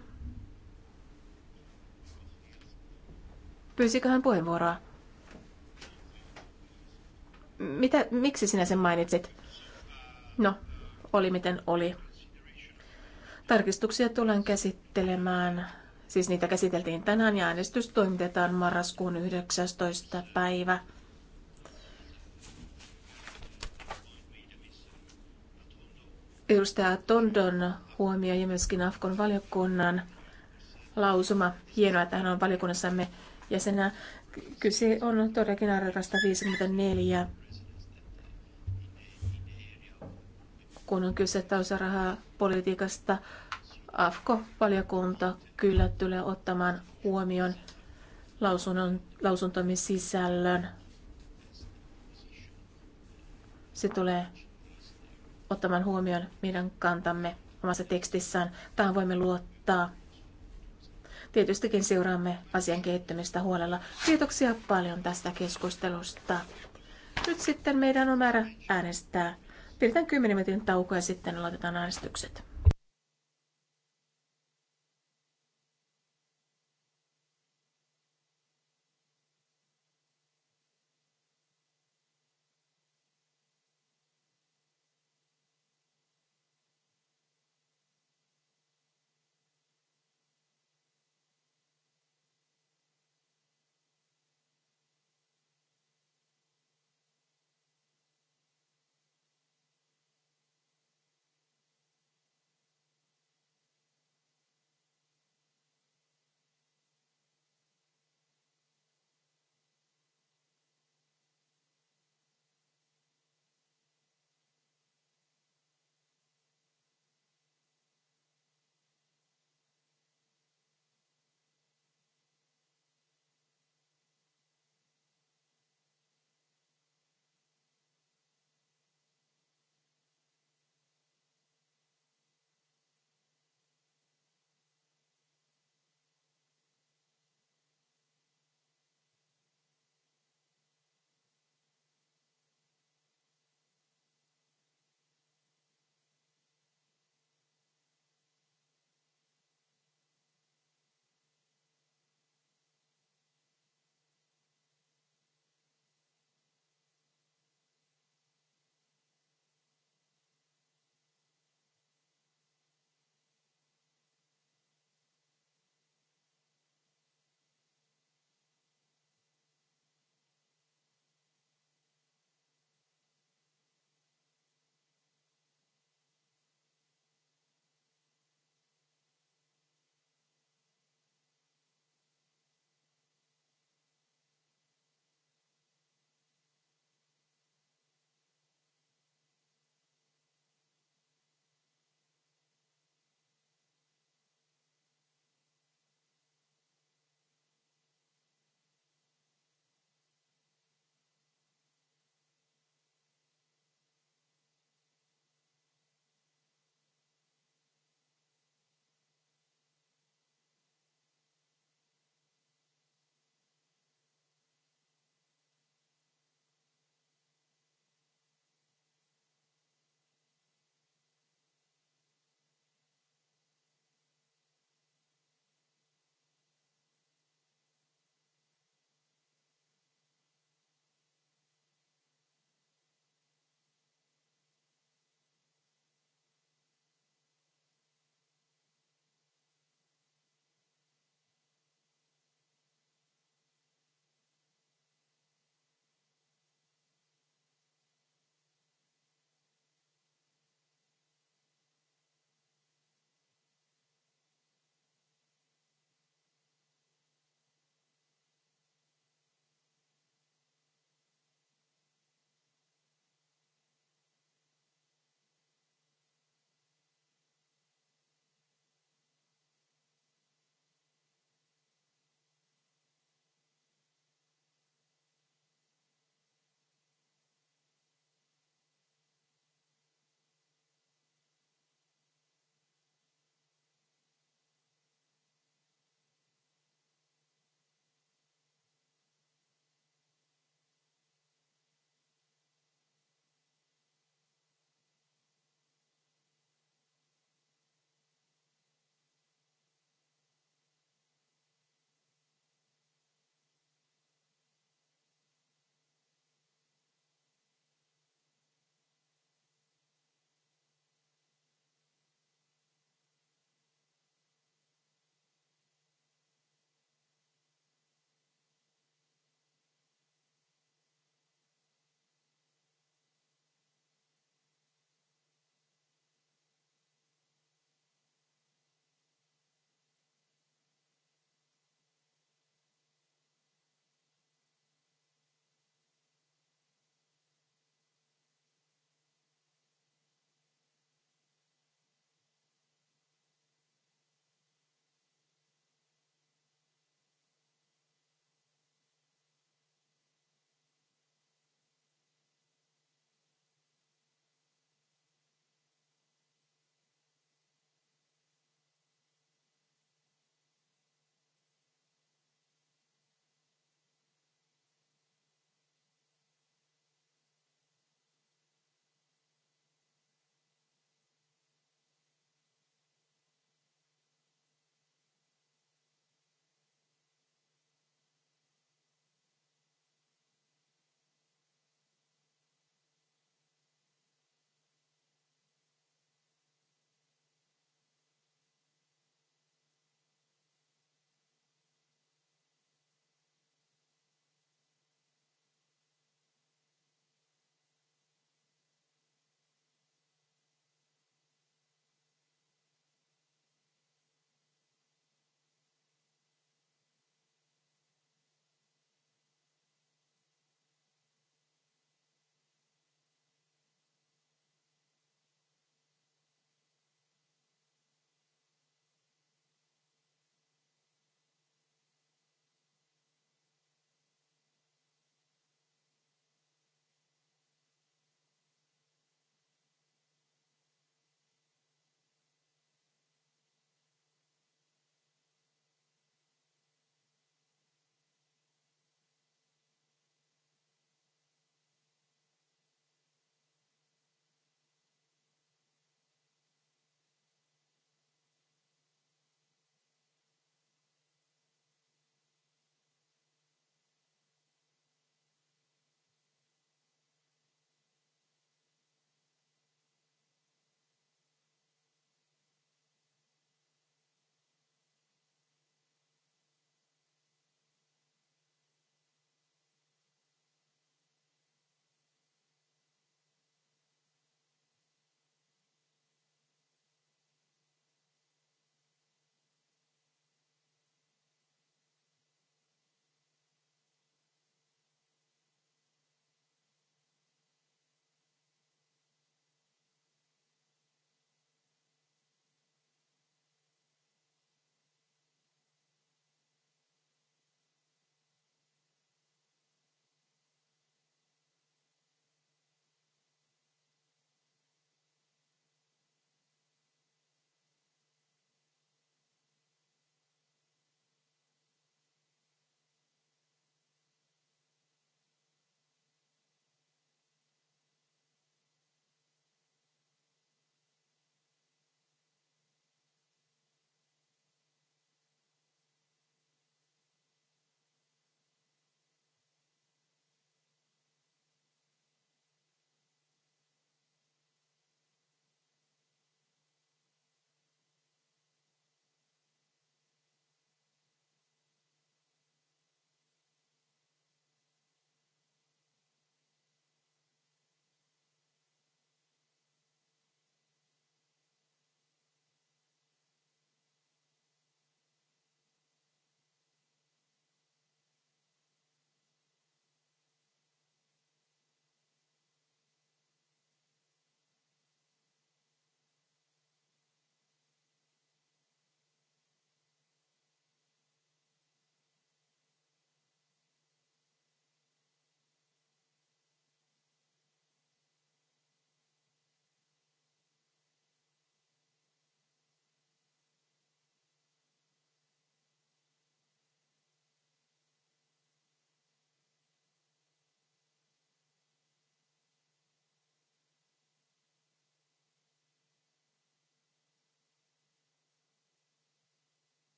Pyysikö hän puheenvuoroa? Mitä, miksi sinä sen mainitsit? No, oli miten oli. Tarkistuksia tulen käsittelemään. Siis niitä käsiteltiin tänään ja äänestys toimitetaan marraskuun 19. päivä. edustaja Tondon huomio ja myöskin Afkon valiokunnan lausuma. Hienoa, että hän on valiokunnassamme jäsenä. Kyse on todellakin arvokasta 54, kun on kyse politiikasta. AFKO-valiokunta kyllä tulee ottamaan huomioon lausunnon, lausuntomme sisällön. Se tulee ottamaan huomioon meidän kantamme omassa tekstissään. Tähän voimme luottaa. Tietystikin seuraamme asian kehittymistä huolella. Kiitoksia paljon tästä keskustelusta. Nyt sitten meidän on määrä äänestää. Pidetään 10 minuutin tauko ja sitten aloitetaan äänestykset.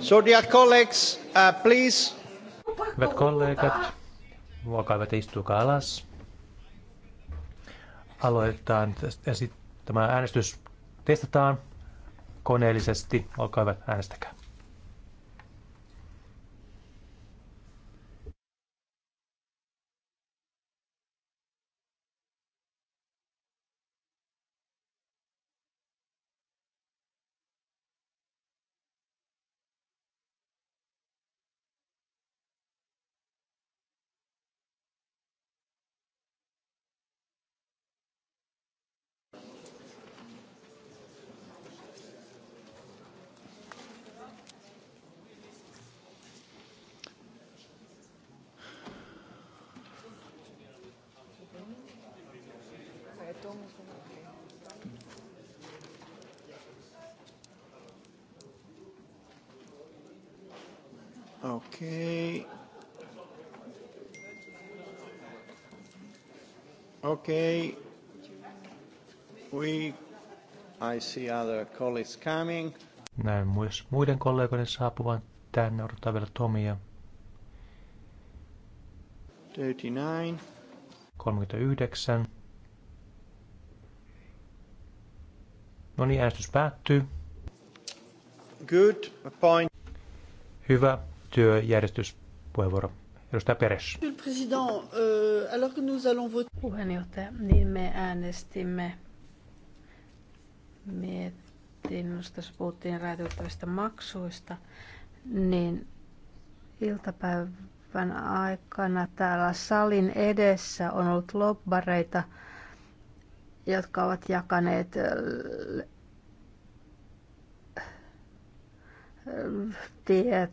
So dear colleagues, uh, please. Hyvät kollegat, olkaa hyvät, alas. Aloitetaan ja sitten tämä äänestys testataan koneellisesti. Olkaa hyvät, äänestäkää. other colleagues coming. Näin myös muiden kollegoiden saapuvan tänne. Odotetaan vielä Tomia. 39. 39. No niin, äänestys päättyy. Good point. Hyvä työjärjestys puheenvuoro. Edustaja Peres. Euh, Puheenjohtaja, niin me äänestimme mietin mietinnöstä, jos puhuttiin räätyyttävistä maksuista, niin iltapäivän aikana täällä salin edessä on ollut lobbareita, jotka ovat jakaneet äh, tietoa,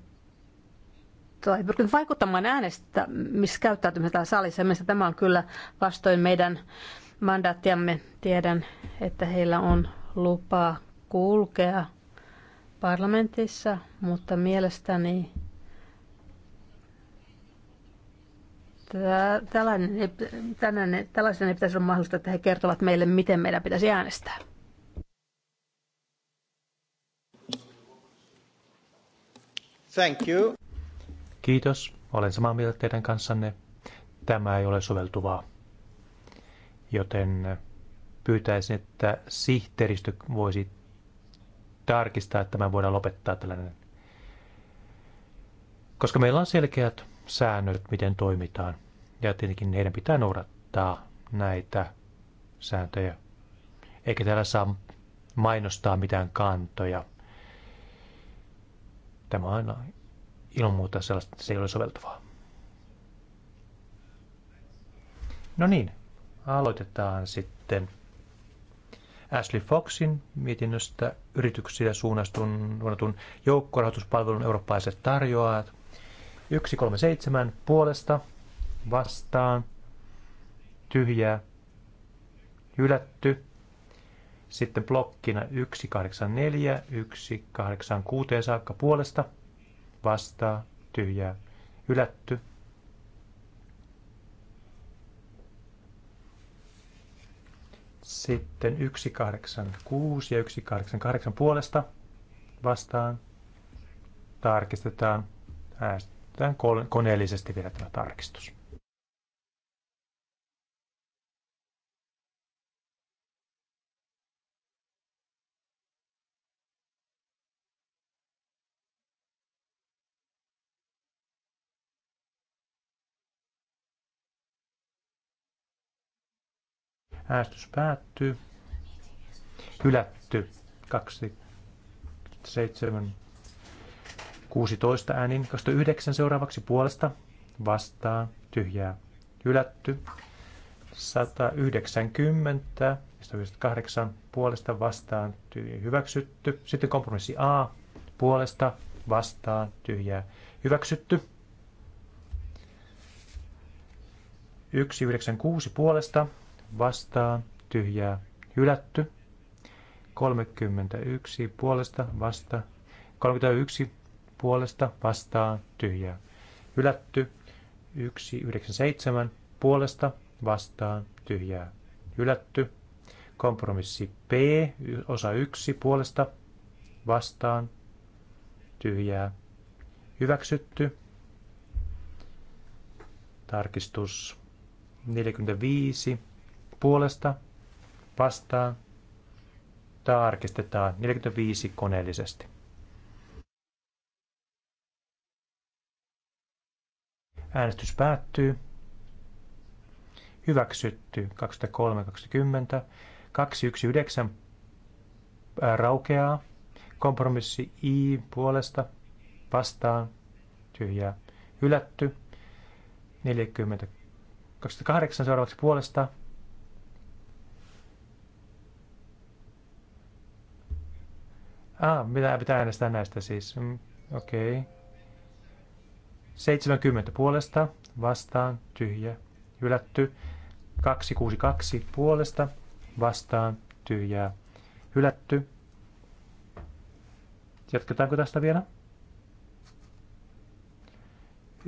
pyrkinyt vaikuttamaan äänestä, missä käyttäytymme täällä salissa. Mielestäni tämä on kyllä vastoin meidän mandaattiamme. Tiedän, että heillä on lupaa kulkea parlamentissa, mutta mielestäni tällainen, tällaisen ei pitäisi olla mahdollista, että he kertovat meille, miten meidän pitäisi äänestää. Thank you. Kiitos. Olen samaa mieltä teidän kanssanne. Tämä ei ole soveltuvaa. Joten pyytäisin, että sihteeristö voisi tarkistaa, että me voidaan lopettaa tällainen. Koska meillä on selkeät säännöt, miten toimitaan. Ja tietenkin heidän pitää noudattaa näitä sääntöjä. Eikä täällä saa mainostaa mitään kantoja. Tämä on ilman muuta sellaista, se ei ole soveltuvaa. No niin, aloitetaan sitten Ashley Foxin mietinnöstä yrityksiä suunnatun joukkorahoituspalvelun eurooppalaiset tarjoajat. 137 puolesta vastaan tyhjää hylätty. Sitten blokkina 184, 186 saakka puolesta vastaa tyhjää hylätty. Sitten 186 ja 188 puolesta vastaan tarkistetaan. Äänestetään koneellisesti vielä tämä tarkistus. äästys päättyy. Hylätty. 27, 16 äänin. 29 seuraavaksi puolesta. Vastaa. Tyhjää. Hylätty. 190, 198 puolesta vastaan tyhjää hyväksytty. Sitten kompromissi A puolesta vastaan tyhjää hyväksytty. 196 puolesta vastaan, tyhjää, hylätty. 31 puolesta vasta, 31 puolesta vastaan, tyhjää, hylätty. 197 puolesta vastaan, tyhjää, hylätty. Kompromissi P, osa 1 puolesta vastaan, tyhjää, hyväksytty. Tarkistus 45 puolesta vastaan tarkistetaan 45 koneellisesti. Äänestys päättyy. Hyväksytty 2320. 219 raukeaa. Kompromissi I puolesta vastaan tyhjää hylätty. 40 28 seuraavaksi puolesta Ah, pitää, pitää äänestää näistä siis. Mm, Okei. Okay. 70 puolesta, vastaan, tyhjä, hylätty. 262 puolesta, vastaan, tyhjää, hylätty. Jatketaanko tästä vielä?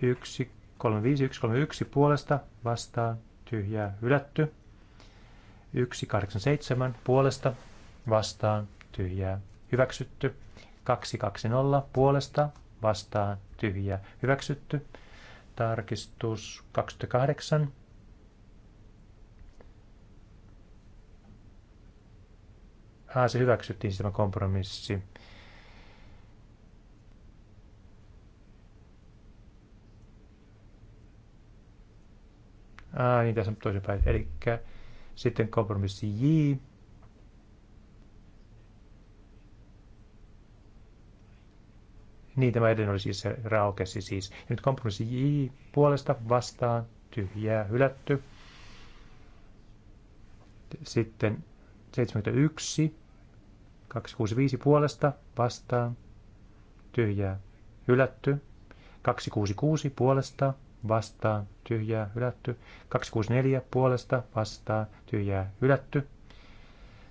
1, 3, 5, 1, 3, 1 puolesta, vastaan, tyhjää, hylätty. 187 puolesta, vastaan, tyhjää, hyväksytty. 220 puolesta vastaan tyhjä hyväksytty. Tarkistus 28. Ah, se hyväksyttiin siis tämä kompromissi. Ah, niin tässä on toisinpäin. Eli sitten kompromissi J Niin, tämä edellinen oli siis se raukesi siis. Ja nyt kompromissi J puolesta vastaan, tyhjää, hylätty. Sitten 71, 265 puolesta vastaan, tyhjää, hylätty. 266 puolesta vastaan, tyhjää, hylätty. 264 puolesta vastaan, tyhjää, hylätty.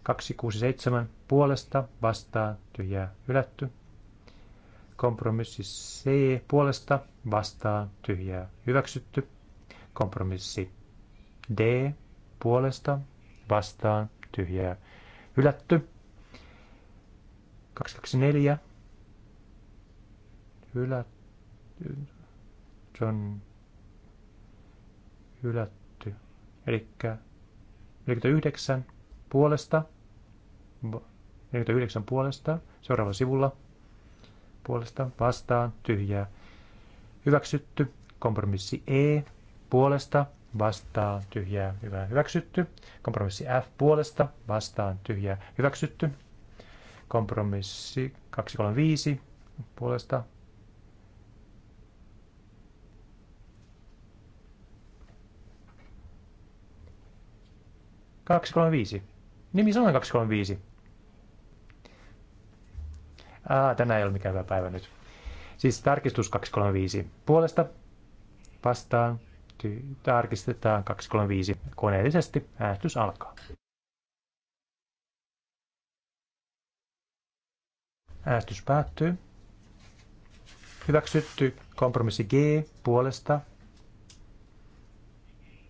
267 puolesta vastaan, tyhjää, hylätty. Kompromissi C puolesta vastaan tyhjää hyväksytty. Kompromissi D puolesta vastaan tyhjää hylätty. 224 hylätty. on hylätty. Eli 49 puolesta. 49 puolesta. Seuraavalla sivulla puolesta vastaan tyhjää. Hyväksytty. Kompromissi E puolesta vastaan tyhjää. Hyvä. Hyväksytty. Kompromissi F puolesta vastaan tyhjää. Hyväksytty. Kompromissi 235 puolesta Kaksi kolme viisi. Nimi sanoi kaksi kolme viisi. Aa, tänään ei ole mikään hyvä päivä nyt. Siis tarkistus 235 puolesta vastaan. Ty- tarkistetaan 235 koneellisesti. Äänestys alkaa. Äänestys päättyy. Hyväksytty kompromissi G puolesta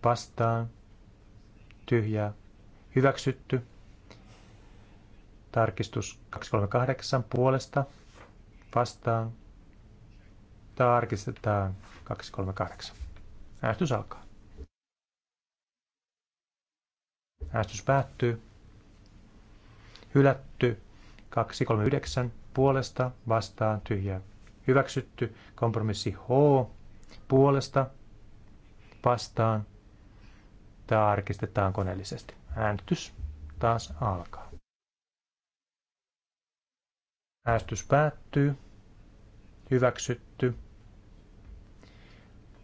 vastaan tyhjää hyväksytty Tarkistus 238 puolesta vastaan. Tarkistetaan 238. Äänestys alkaa. Äänestys päättyy. Hylätty 239 puolesta vastaan tyhjää. Hyväksytty kompromissi H puolesta vastaan. Tarkistetaan koneellisesti. Äänestys taas alkaa. Äästys päättyy. Hyväksytty.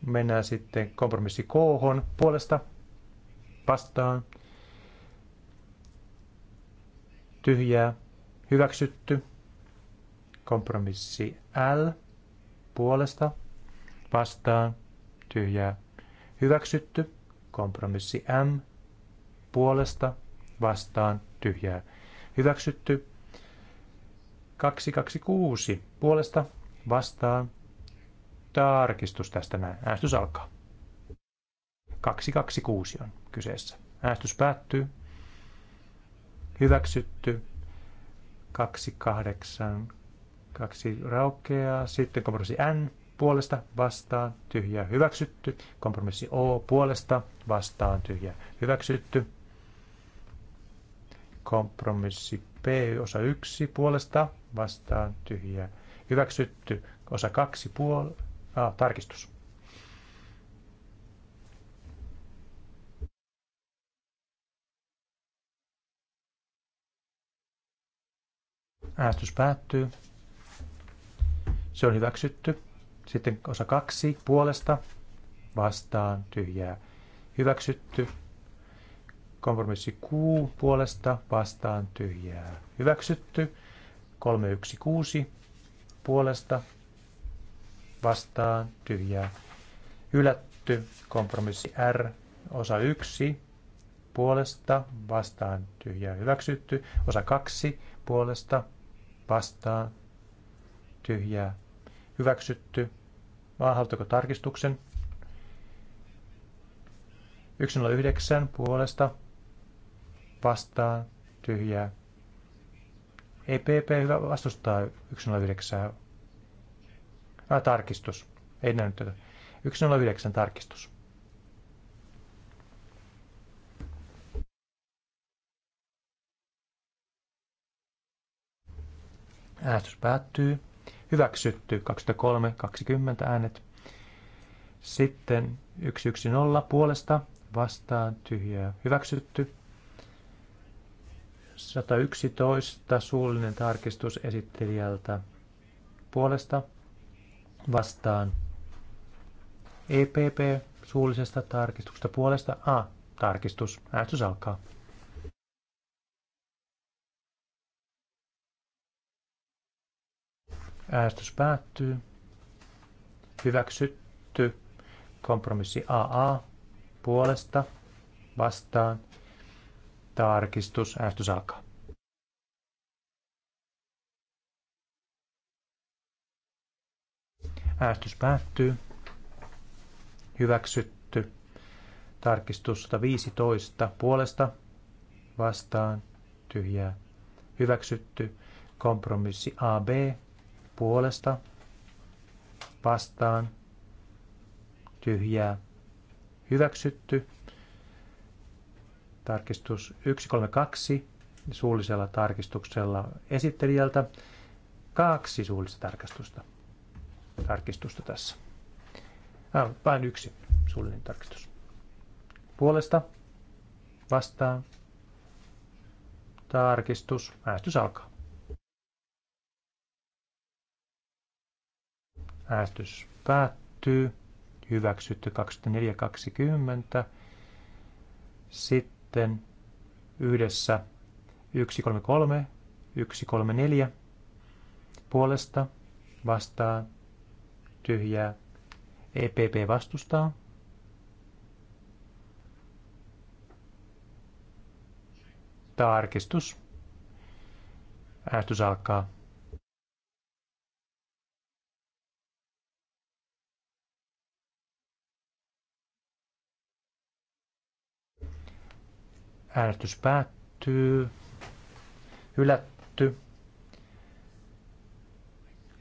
Mennään sitten kompromissi K puolesta vastaan. Tyhjää. Hyväksytty. Kompromissi L puolesta vastaan. Tyhjää. Hyväksytty. Kompromissi M puolesta vastaan. Tyhjää. Hyväksytty 226 puolesta vastaan tarkistus tästä näin. Äänestys alkaa. 226 on kyseessä. Äänestys päättyy. Hyväksytty. 28. kaksi raukeaa. Sitten kompromissi N puolesta vastaan tyhjä hyväksytty. Kompromissi O puolesta vastaan tyhjä hyväksytty. Kompromissi P osa 1 puolesta vastaan tyhjää. Hyväksytty osa kaksi puol... Ah, tarkistus. Äänestys päättyy. Se on hyväksytty. Sitten osa kaksi puolesta vastaan tyhjää. Hyväksytty. Kompromissi Q puolesta vastaan tyhjää. Hyväksytty. 316 puolesta vastaan tyhjää. Hylätty kompromissi R osa 1 puolesta vastaan tyhjää hyväksytty. Osa 2 puolesta vastaan tyhjää hyväksytty. Vaan tarkistuksen? 109 puolesta vastaan tyhjää EPP hyvä vastustaa 109. Ah, tarkistus. Ei näy tätä. 109 tarkistus. Äänestys päättyy. Hyväksytty 23, 20 äänet. Sitten 110 puolesta vastaan tyhjää hyväksytty. 111 suullinen tarkistus esittelijältä puolesta vastaan. EPP suullisesta tarkistuksesta puolesta A. Tarkistus. Äänestys alkaa. Äänestys päättyy. Hyväksytty. Kompromissi AA puolesta vastaan Tarkistus. Äänestys alkaa. Äänestys päättyy. Hyväksytty. Tarkistus 115. Puolesta. Vastaan. Tyhjää. Hyväksytty. Kompromissi AB. Puolesta. Vastaan. Tyhjää. Hyväksytty. Tarkistus 132 suullisella tarkistuksella esittelijältä. Kaksi suullista tarkistusta tarkistusta tässä. Ah, vain yksi suullinen tarkistus. Puolesta vastaan tarkistus. Äänestys alkaa. Äänestys päättyy. Hyväksytty 24.20. Sitten sitten yhdessä 133, 134 puolesta vastaa tyhjää. EPP vastustaa. Tarkistus. Äänestys alkaa. Äänestys päättyy. Hylätty.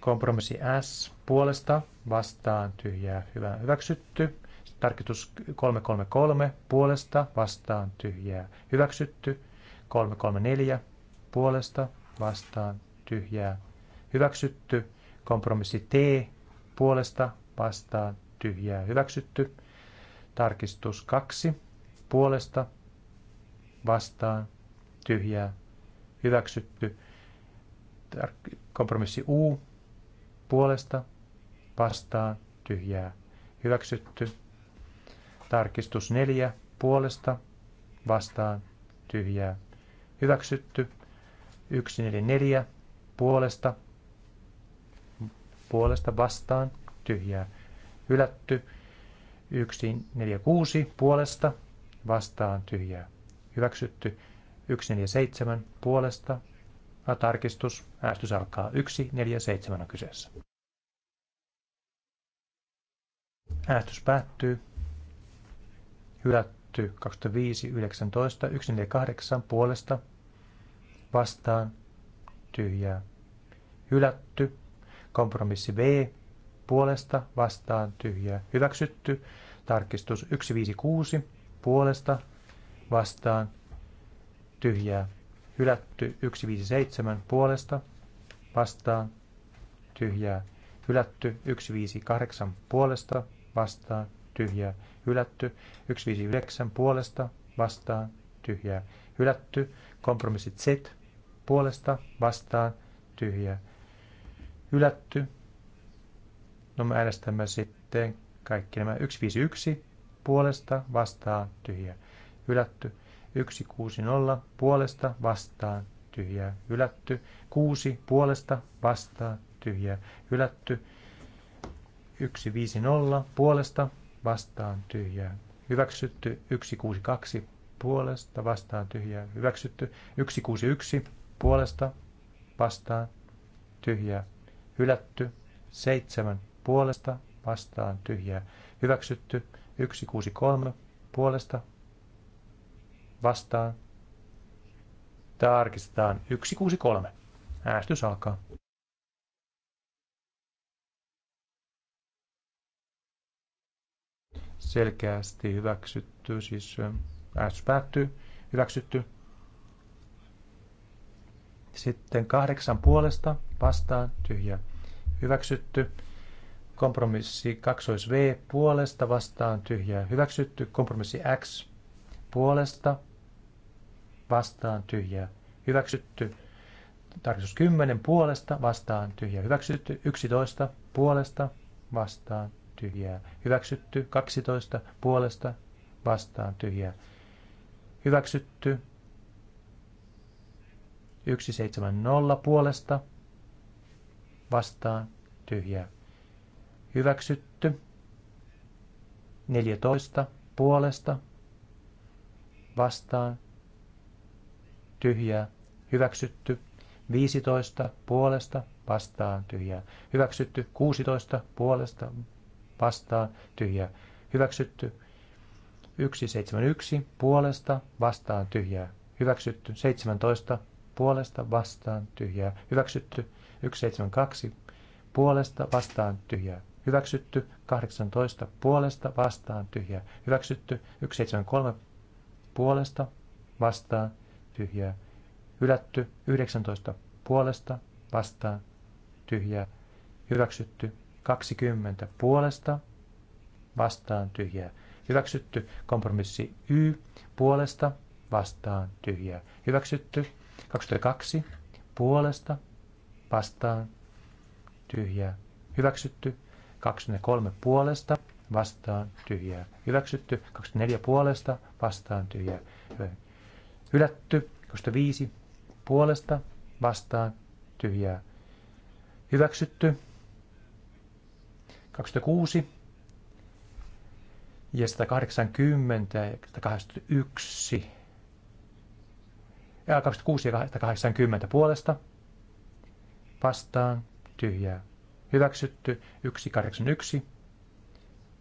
Kompromissi S puolesta vastaan tyhjää hyvä hyväksytty. Tarkistus 333 puolesta vastaan tyhjää hyväksytty. 334 puolesta vastaan tyhjää hyväksytty. Kompromissi T puolesta vastaan tyhjää hyväksytty. Tarkistus 2 puolesta vastaan, tyhjää, hyväksytty. Kompromissi U, puolesta, vastaan, tyhjää, hyväksytty. Tarkistus 4, puolesta, vastaan, tyhjää, hyväksytty. 144, puolesta, puolesta, vastaan, tyhjää, hylätty. 146, puolesta, vastaan, tyhjää, hyväksytty. 147 puolesta. Ja no, tarkistus. äästys alkaa. 147 on kyseessä. Äästys päättyy. Hylätty 25, 19, 148 puolesta. Vastaan. Tyhjää. Hylätty. Kompromissi B. Puolesta. Vastaan. Tyhjää. Hyväksytty. Tarkistus 156. Puolesta vastaan, tyhjää, hylätty 157 puolesta, vastaan, tyhjää, hylätty 158 puolesta, vastaan, tyhjää, hylätty 159 puolesta, vastaan, tyhjää, hylätty, kompromissit Z, puolesta, vastaan, tyhjää, hylätty. No me äänestämme sitten kaikki nämä 151 puolesta, vastaan, tyhjää, hylätty. 160 puolesta vastaan tyhjää hylätty. 6 puolesta vastaan tyhjää hylätty. 150 puolesta vastaan tyhjää hyväksytty. 162 puolesta vastaan tyhjää hyväksytty. 161 puolesta vastaan tyhjää hylätty. 7 puolesta vastaan tyhjää hyväksytty. 163 puolesta vastaan. Tarkistetaan 163. Äästys alkaa. Selkeästi hyväksytty, siis äästys päättyy, hyväksytty. Sitten kahdeksan puolesta vastaan, tyhjä, hyväksytty. Kompromissi 2 V puolesta vastaan, tyhjä, hyväksytty. Kompromissi X puolesta vastaan tyhjää hyväksytty. Tarkistus 10 puolesta vastaan tyhjää hyväksytty. 11 puolesta vastaan tyhjää hyväksytty. 12 puolesta vastaan tyhjää hyväksytty. 170 puolesta vastaan tyhjää hyväksytty. 14 puolesta vastaan tyhjää, hyväksytty. 15 puolesta vastaan tyhjää, hyväksytty. 16 puolesta vastaan tyhjää, hyväksytty. 171 puolesta vastaan tyhjää, hyväksytty. 17 puolesta vastaan tyhjää, hyväksytty. 172 puolesta vastaan tyhjää, hyväksytty. 18 puolesta vastaan tyhjää, hyväksytty. 173 puolesta vastaan tyhjää, hylätty. 19 puolesta, vastaan, tyhjää, hyväksytty. 20 puolesta, vastaan, tyhjää, hyväksytty. Kompromissi Y puolesta, vastaan, tyhjää, hyväksytty. 22 puolesta, vastaan, tyhjää, hyväksytty. 23 puolesta, vastaan, tyhjää, hyväksytty. 24 puolesta, vastaan, tyhjää, Hylätty. 25 puolesta vastaan tyhjää. Hyväksytty. 26 ja 180 ja 181 ja 26 ja 180 puolesta vastaan tyhjää. Hyväksytty 181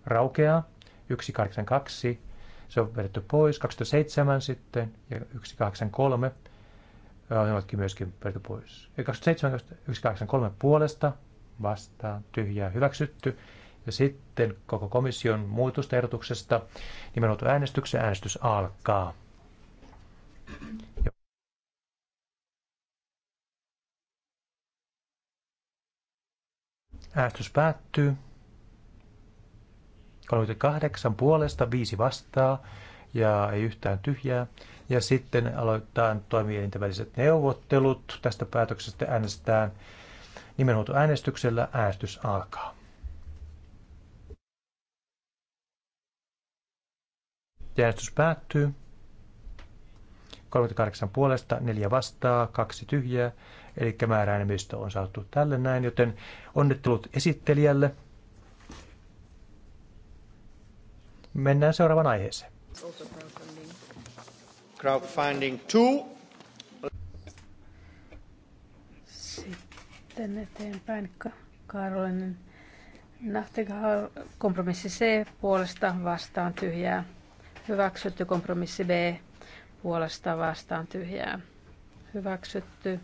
raukeaa 182 se on vedetty pois. 2007 sitten ja 183 ne ovatkin myöskin vedetty pois. 27 183 puolesta vastaan tyhjää hyväksytty. Ja sitten koko komission muutosta ehdotuksesta nimenomaan äänestyksen äänestys alkaa. Äänestys päättyy kahdeksan puolesta, viisi vastaa ja ei yhtään tyhjää. Ja sitten aloittaa toimielinten väliset neuvottelut. Tästä päätöksestä äänestetään äänestyksellä Äänestys alkaa. Äänestys päättyy. 38 puolesta, 4 vastaa, 2 tyhjää. Eli määräenemmistö on saatu tälle näin, joten onnittelut esittelijälle. Mennään seuraavaan aiheeseen. Crowdfunding 2. Sitten eteenpäin Karolinen Nahtigahal kompromissi C puolesta vastaan tyhjää. Hyväksytty kompromissi B puolesta vastaan tyhjää. Hyväksytty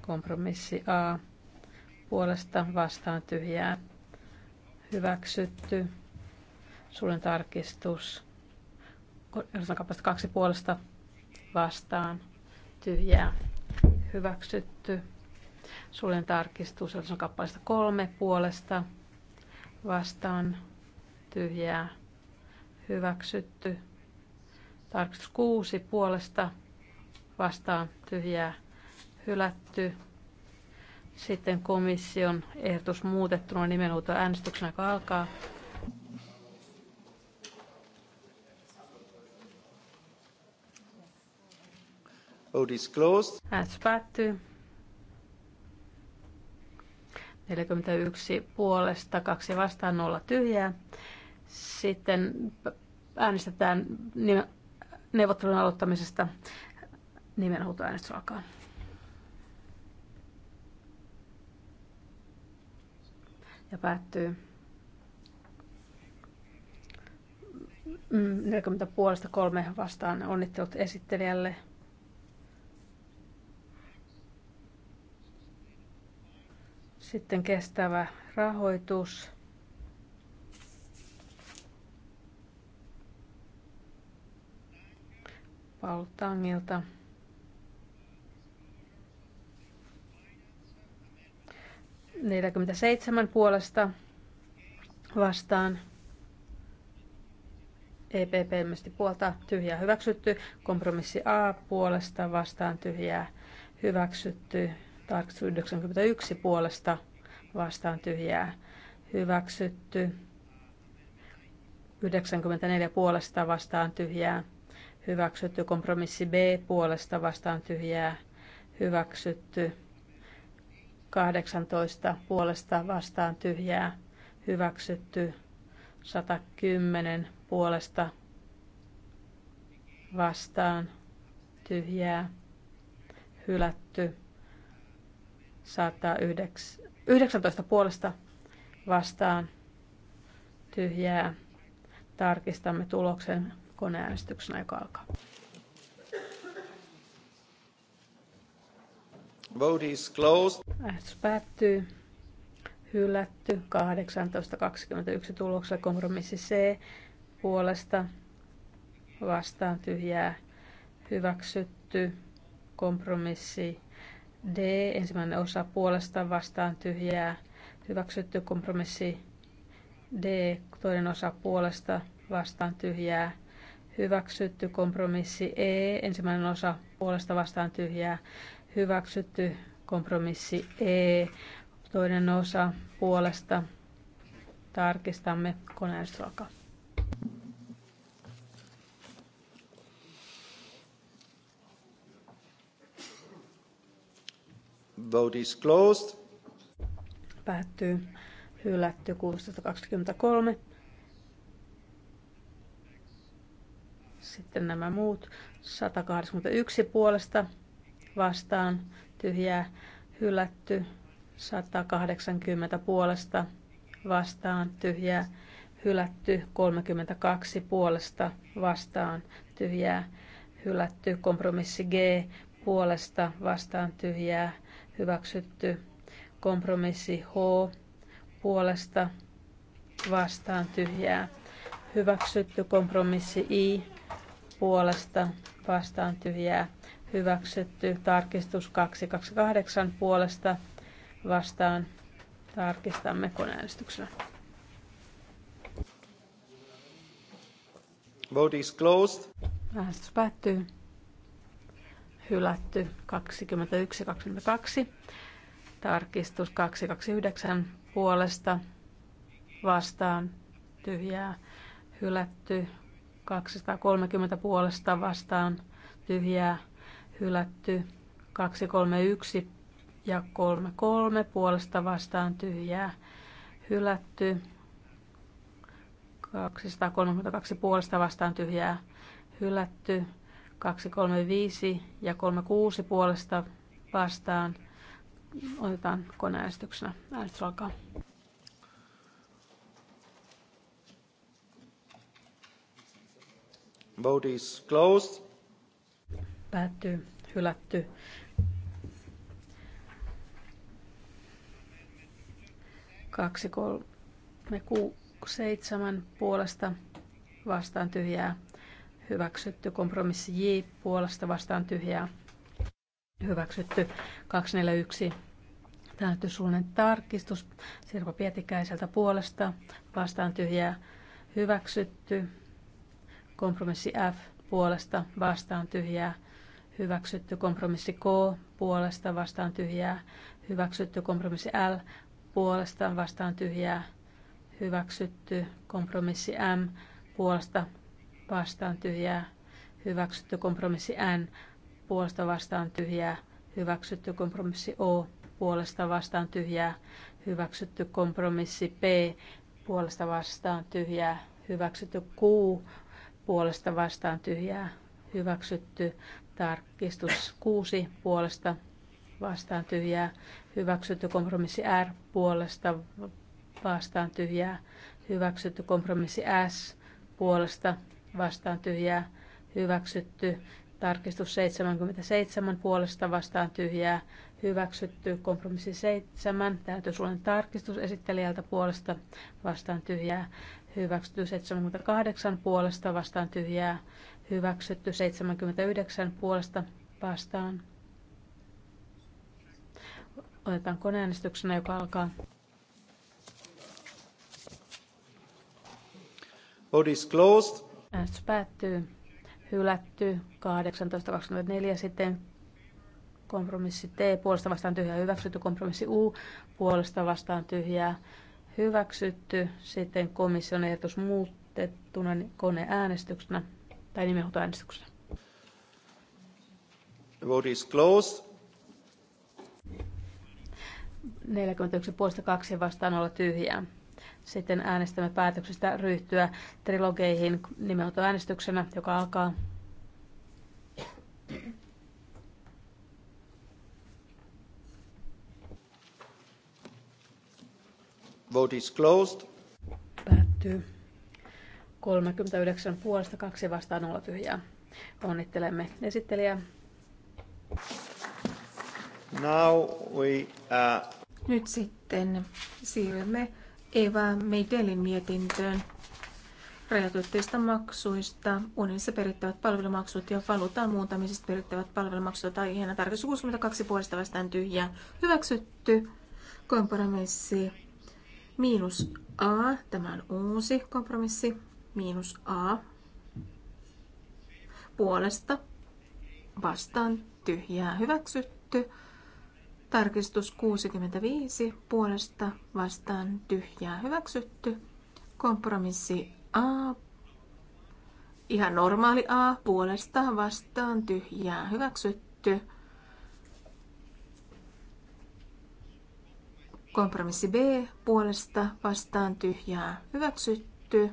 kompromissi A puolesta vastaan tyhjää. Hyväksytty Sulen tarkistus. Kappasta kaksi puolesta vastaan. Tyhjää. Hyväksytty. Sulen tarkistus. Kappaleesta kolme puolesta vastaan. Tyhjää. Hyväksytty. Tarkistus kuusi puolesta vastaan. Tyhjää. Hylätty. Sitten komission ehdotus muutettuna nimenhuuto äänestyksenä, joka alkaa. Vote is closed. Äänestys päättyy. 41 puolesta, 2 vastaan, 0 tyhjää. Sitten äänestetään neuvottelun aloittamisesta. Nimenhuutoäänestys alkaa. Ja päättyy 40 mm, puolesta kolme vastaan. Onnittelut esittelijälle. Sitten kestävä rahoitus. Paul Tangilta. Neljäkymmentäseitsemän puolesta vastaan. EPP ilmeisesti puolta tyhjää hyväksytty. Kompromissi A puolesta vastaan tyhjää hyväksytty. Tarkistus 91 puolesta vastaan tyhjää hyväksytty. 94 puolesta vastaan tyhjää hyväksytty. Kompromissi B puolesta vastaan tyhjää hyväksytty. 18 puolesta vastaan tyhjää hyväksytty. 110 puolesta vastaan tyhjää hylätty saattaa 19 puolesta vastaan tyhjää. Tarkistamme tuloksen koneäänestyksen aika alkaa. Vote is closed. Äänestys päättyy. Hylätty 18.21 tuloksella kompromissi C puolesta vastaan tyhjää hyväksytty kompromissi D, ensimmäinen osa puolesta vastaan tyhjää, hyväksytty kompromissi. D, toinen osa puolesta vastaan tyhjää, hyväksytty kompromissi. E, ensimmäinen osa puolesta vastaan tyhjää, hyväksytty kompromissi. E, toinen osa puolesta tarkistamme koneäänestys alkaa. Vote is closed. Päättyy. Hylätty 1623. Sitten nämä muut. 181 puolesta vastaan. Tyhjää. Hylätty. 180 puolesta vastaan. Tyhjää. Hylätty 32 puolesta vastaan tyhjää. Hylätty kompromissi G puolesta vastaan tyhjää hyväksytty. Kompromissi H puolesta vastaan tyhjää. Hyväksytty kompromissi I puolesta vastaan tyhjää. Hyväksytty tarkistus 228 puolesta vastaan. Tarkistamme koneäänestyksellä. Vote is closed. Äänestys päättyy hylätty 21-22, tarkistus 229 puolesta vastaan tyhjää, hylätty 230 puolesta vastaan tyhjää, hylätty 231 ja 33 puolesta vastaan tyhjää, hylätty 232 puolesta vastaan tyhjää, hylätty 235 ja 36 puolesta vastaan. Otetaan koneäänestyksenä. Äänestys alkaa. Vote is closed. Päättyy, hylätty. Kaksi, kolme, ku, seitsemän puolesta vastaan tyhjää hyväksytty. Kompromissi J puolesta vastaan tyhjää hyväksytty. 241 täytyy suunnan tarkistus Sirpa Pietikäiseltä puolesta vastaan tyhjää hyväksytty. Kompromissi F puolesta vastaan tyhjää hyväksytty. Kompromissi K puolesta vastaan tyhjää hyväksytty. Kompromissi L puolesta vastaan tyhjää hyväksytty. Kompromissi M puolesta vastaan tyhjää, hyväksytty kompromissi N, puolesta vastaan tyhjää, hyväksytty kompromissi O, puolesta vastaan tyhjää, hyväksytty kompromissi P, puolesta vastaan tyhjää, hyväksytty Q, puolesta vastaan tyhjää, hyväksytty tarkistus 6, puolesta vastaan tyhjää, hyväksytty kompromissi R, puolesta vastaan tyhjää, hyväksytty kompromissi S, puolesta vastaan tyhjää hyväksytty. Tarkistus 77 puolesta vastaan tyhjää hyväksytty. Kompromissi 7, täytösuolen tarkistus esittelijältä puolesta vastaan tyhjää hyväksytty. 78 puolesta vastaan tyhjää hyväksytty. 79 puolesta vastaan. Otetaan koneäänestyksenä, joka alkaa. Vote is closed. Äänestys päättyy. Hylätty 18.24 sitten kompromissi T puolesta vastaan tyhjää hyväksytty, kompromissi U puolesta vastaan tyhjää hyväksytty, sitten komission ehdotus muutettuna koneäänestyksenä tai nimenhuutoäänestyksenä. The vote is closed. 41 puolesta 2 vastaan olla tyhjää. Sitten äänestämme päätöksestä ryhtyä trilogeihin nimenhoitoäänestyksenä, joka alkaa. Vote is closed. Päättyy. 39 puolesta, kaksi vastaan, nolla tyhjää. Onnittelemme esittelijää. Now we, uh... Nyt sitten siirrymme Eva Meidelin mietintöön rajoituitteista maksuista, unionissa perittävät palvelumaksut ja valuutaan muuntamisesta perittävät palvelumaksut tai aiheena tarkistus 62 puolesta vastaan tyhjää. Hyväksytty. Kompromissi miinus A. Tämä on uusi kompromissi. Miinus A. Puolesta vastaan tyhjää. Hyväksytty. Tarkistus 65 puolesta vastaan tyhjää hyväksytty. Kompromissi A. Ihan normaali A puolesta vastaan tyhjää hyväksytty. Kompromissi B puolesta vastaan tyhjää hyväksytty.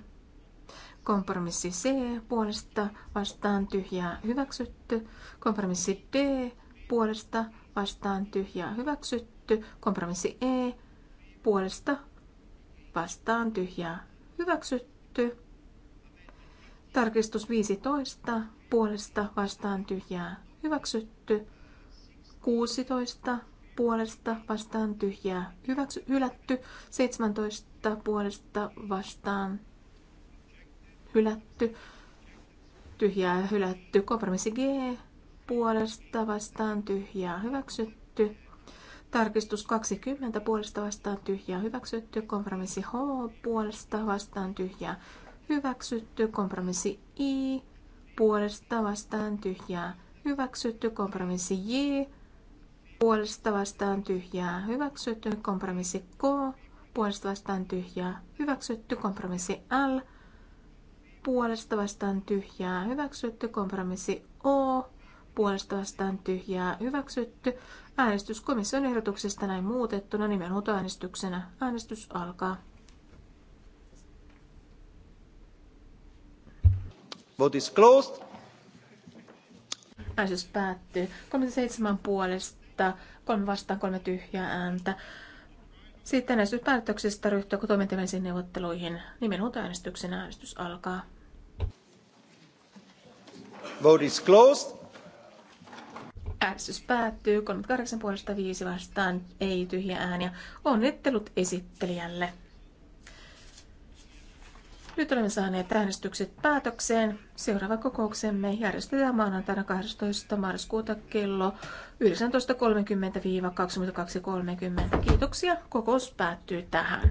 Kompromissi C puolesta vastaan tyhjää hyväksytty. Kompromissi D puolesta vastaan tyhjää hyväksytty. Kompromissi E puolesta vastaan tyhjää hyväksytty. Tarkistus 15 puolesta vastaan tyhjää hyväksytty. 16 puolesta vastaan tyhjää hyväksy, hylätty. 17 puolesta vastaan hylätty. Tyhjää hylätty. Kompromissi G puolesta vastaan tyhjää hyväksytty. Tarkistus 20 puolesta vastaan tyhjää hyväksytty. Kompromissi H puolesta vastaan tyhjää hyväksytty. Kompromissi I puolesta vastaan tyhjää hyväksytty. Kompromissi J puolesta vastaan tyhjää hyväksytty. Kompromissi K puolesta vastaan tyhjää hyväksytty. Kompromissi L puolesta vastaan tyhjää hyväksytty. Kompromissi O puolesta vastaan tyhjää hyväksytty. Äänestys komission ehdotuksesta näin muutettuna nimenhuutoäänestyksenä. Äänestys alkaa. Vote is closed. Äänestys päättyy. 37 puolesta, 3 vastaan, 3 tyhjää ääntä. Sitten äänestyspäätöksestä ryhtyä toimintamisiin neuvotteluihin. Nimenhuutoäänestyksen äänestys alkaa. Vote is closed. Äänestys päättyy 38 puolesta 5 vastaan, ei tyhjä ääniä. Onnittelut esittelijälle. Nyt olemme saaneet äänestykset päätökseen. Seuraava kokouksemme järjestetään maanantaina 12. marraskuuta kello 19.30-22.30. Kiitoksia. Kokous päättyy tähän.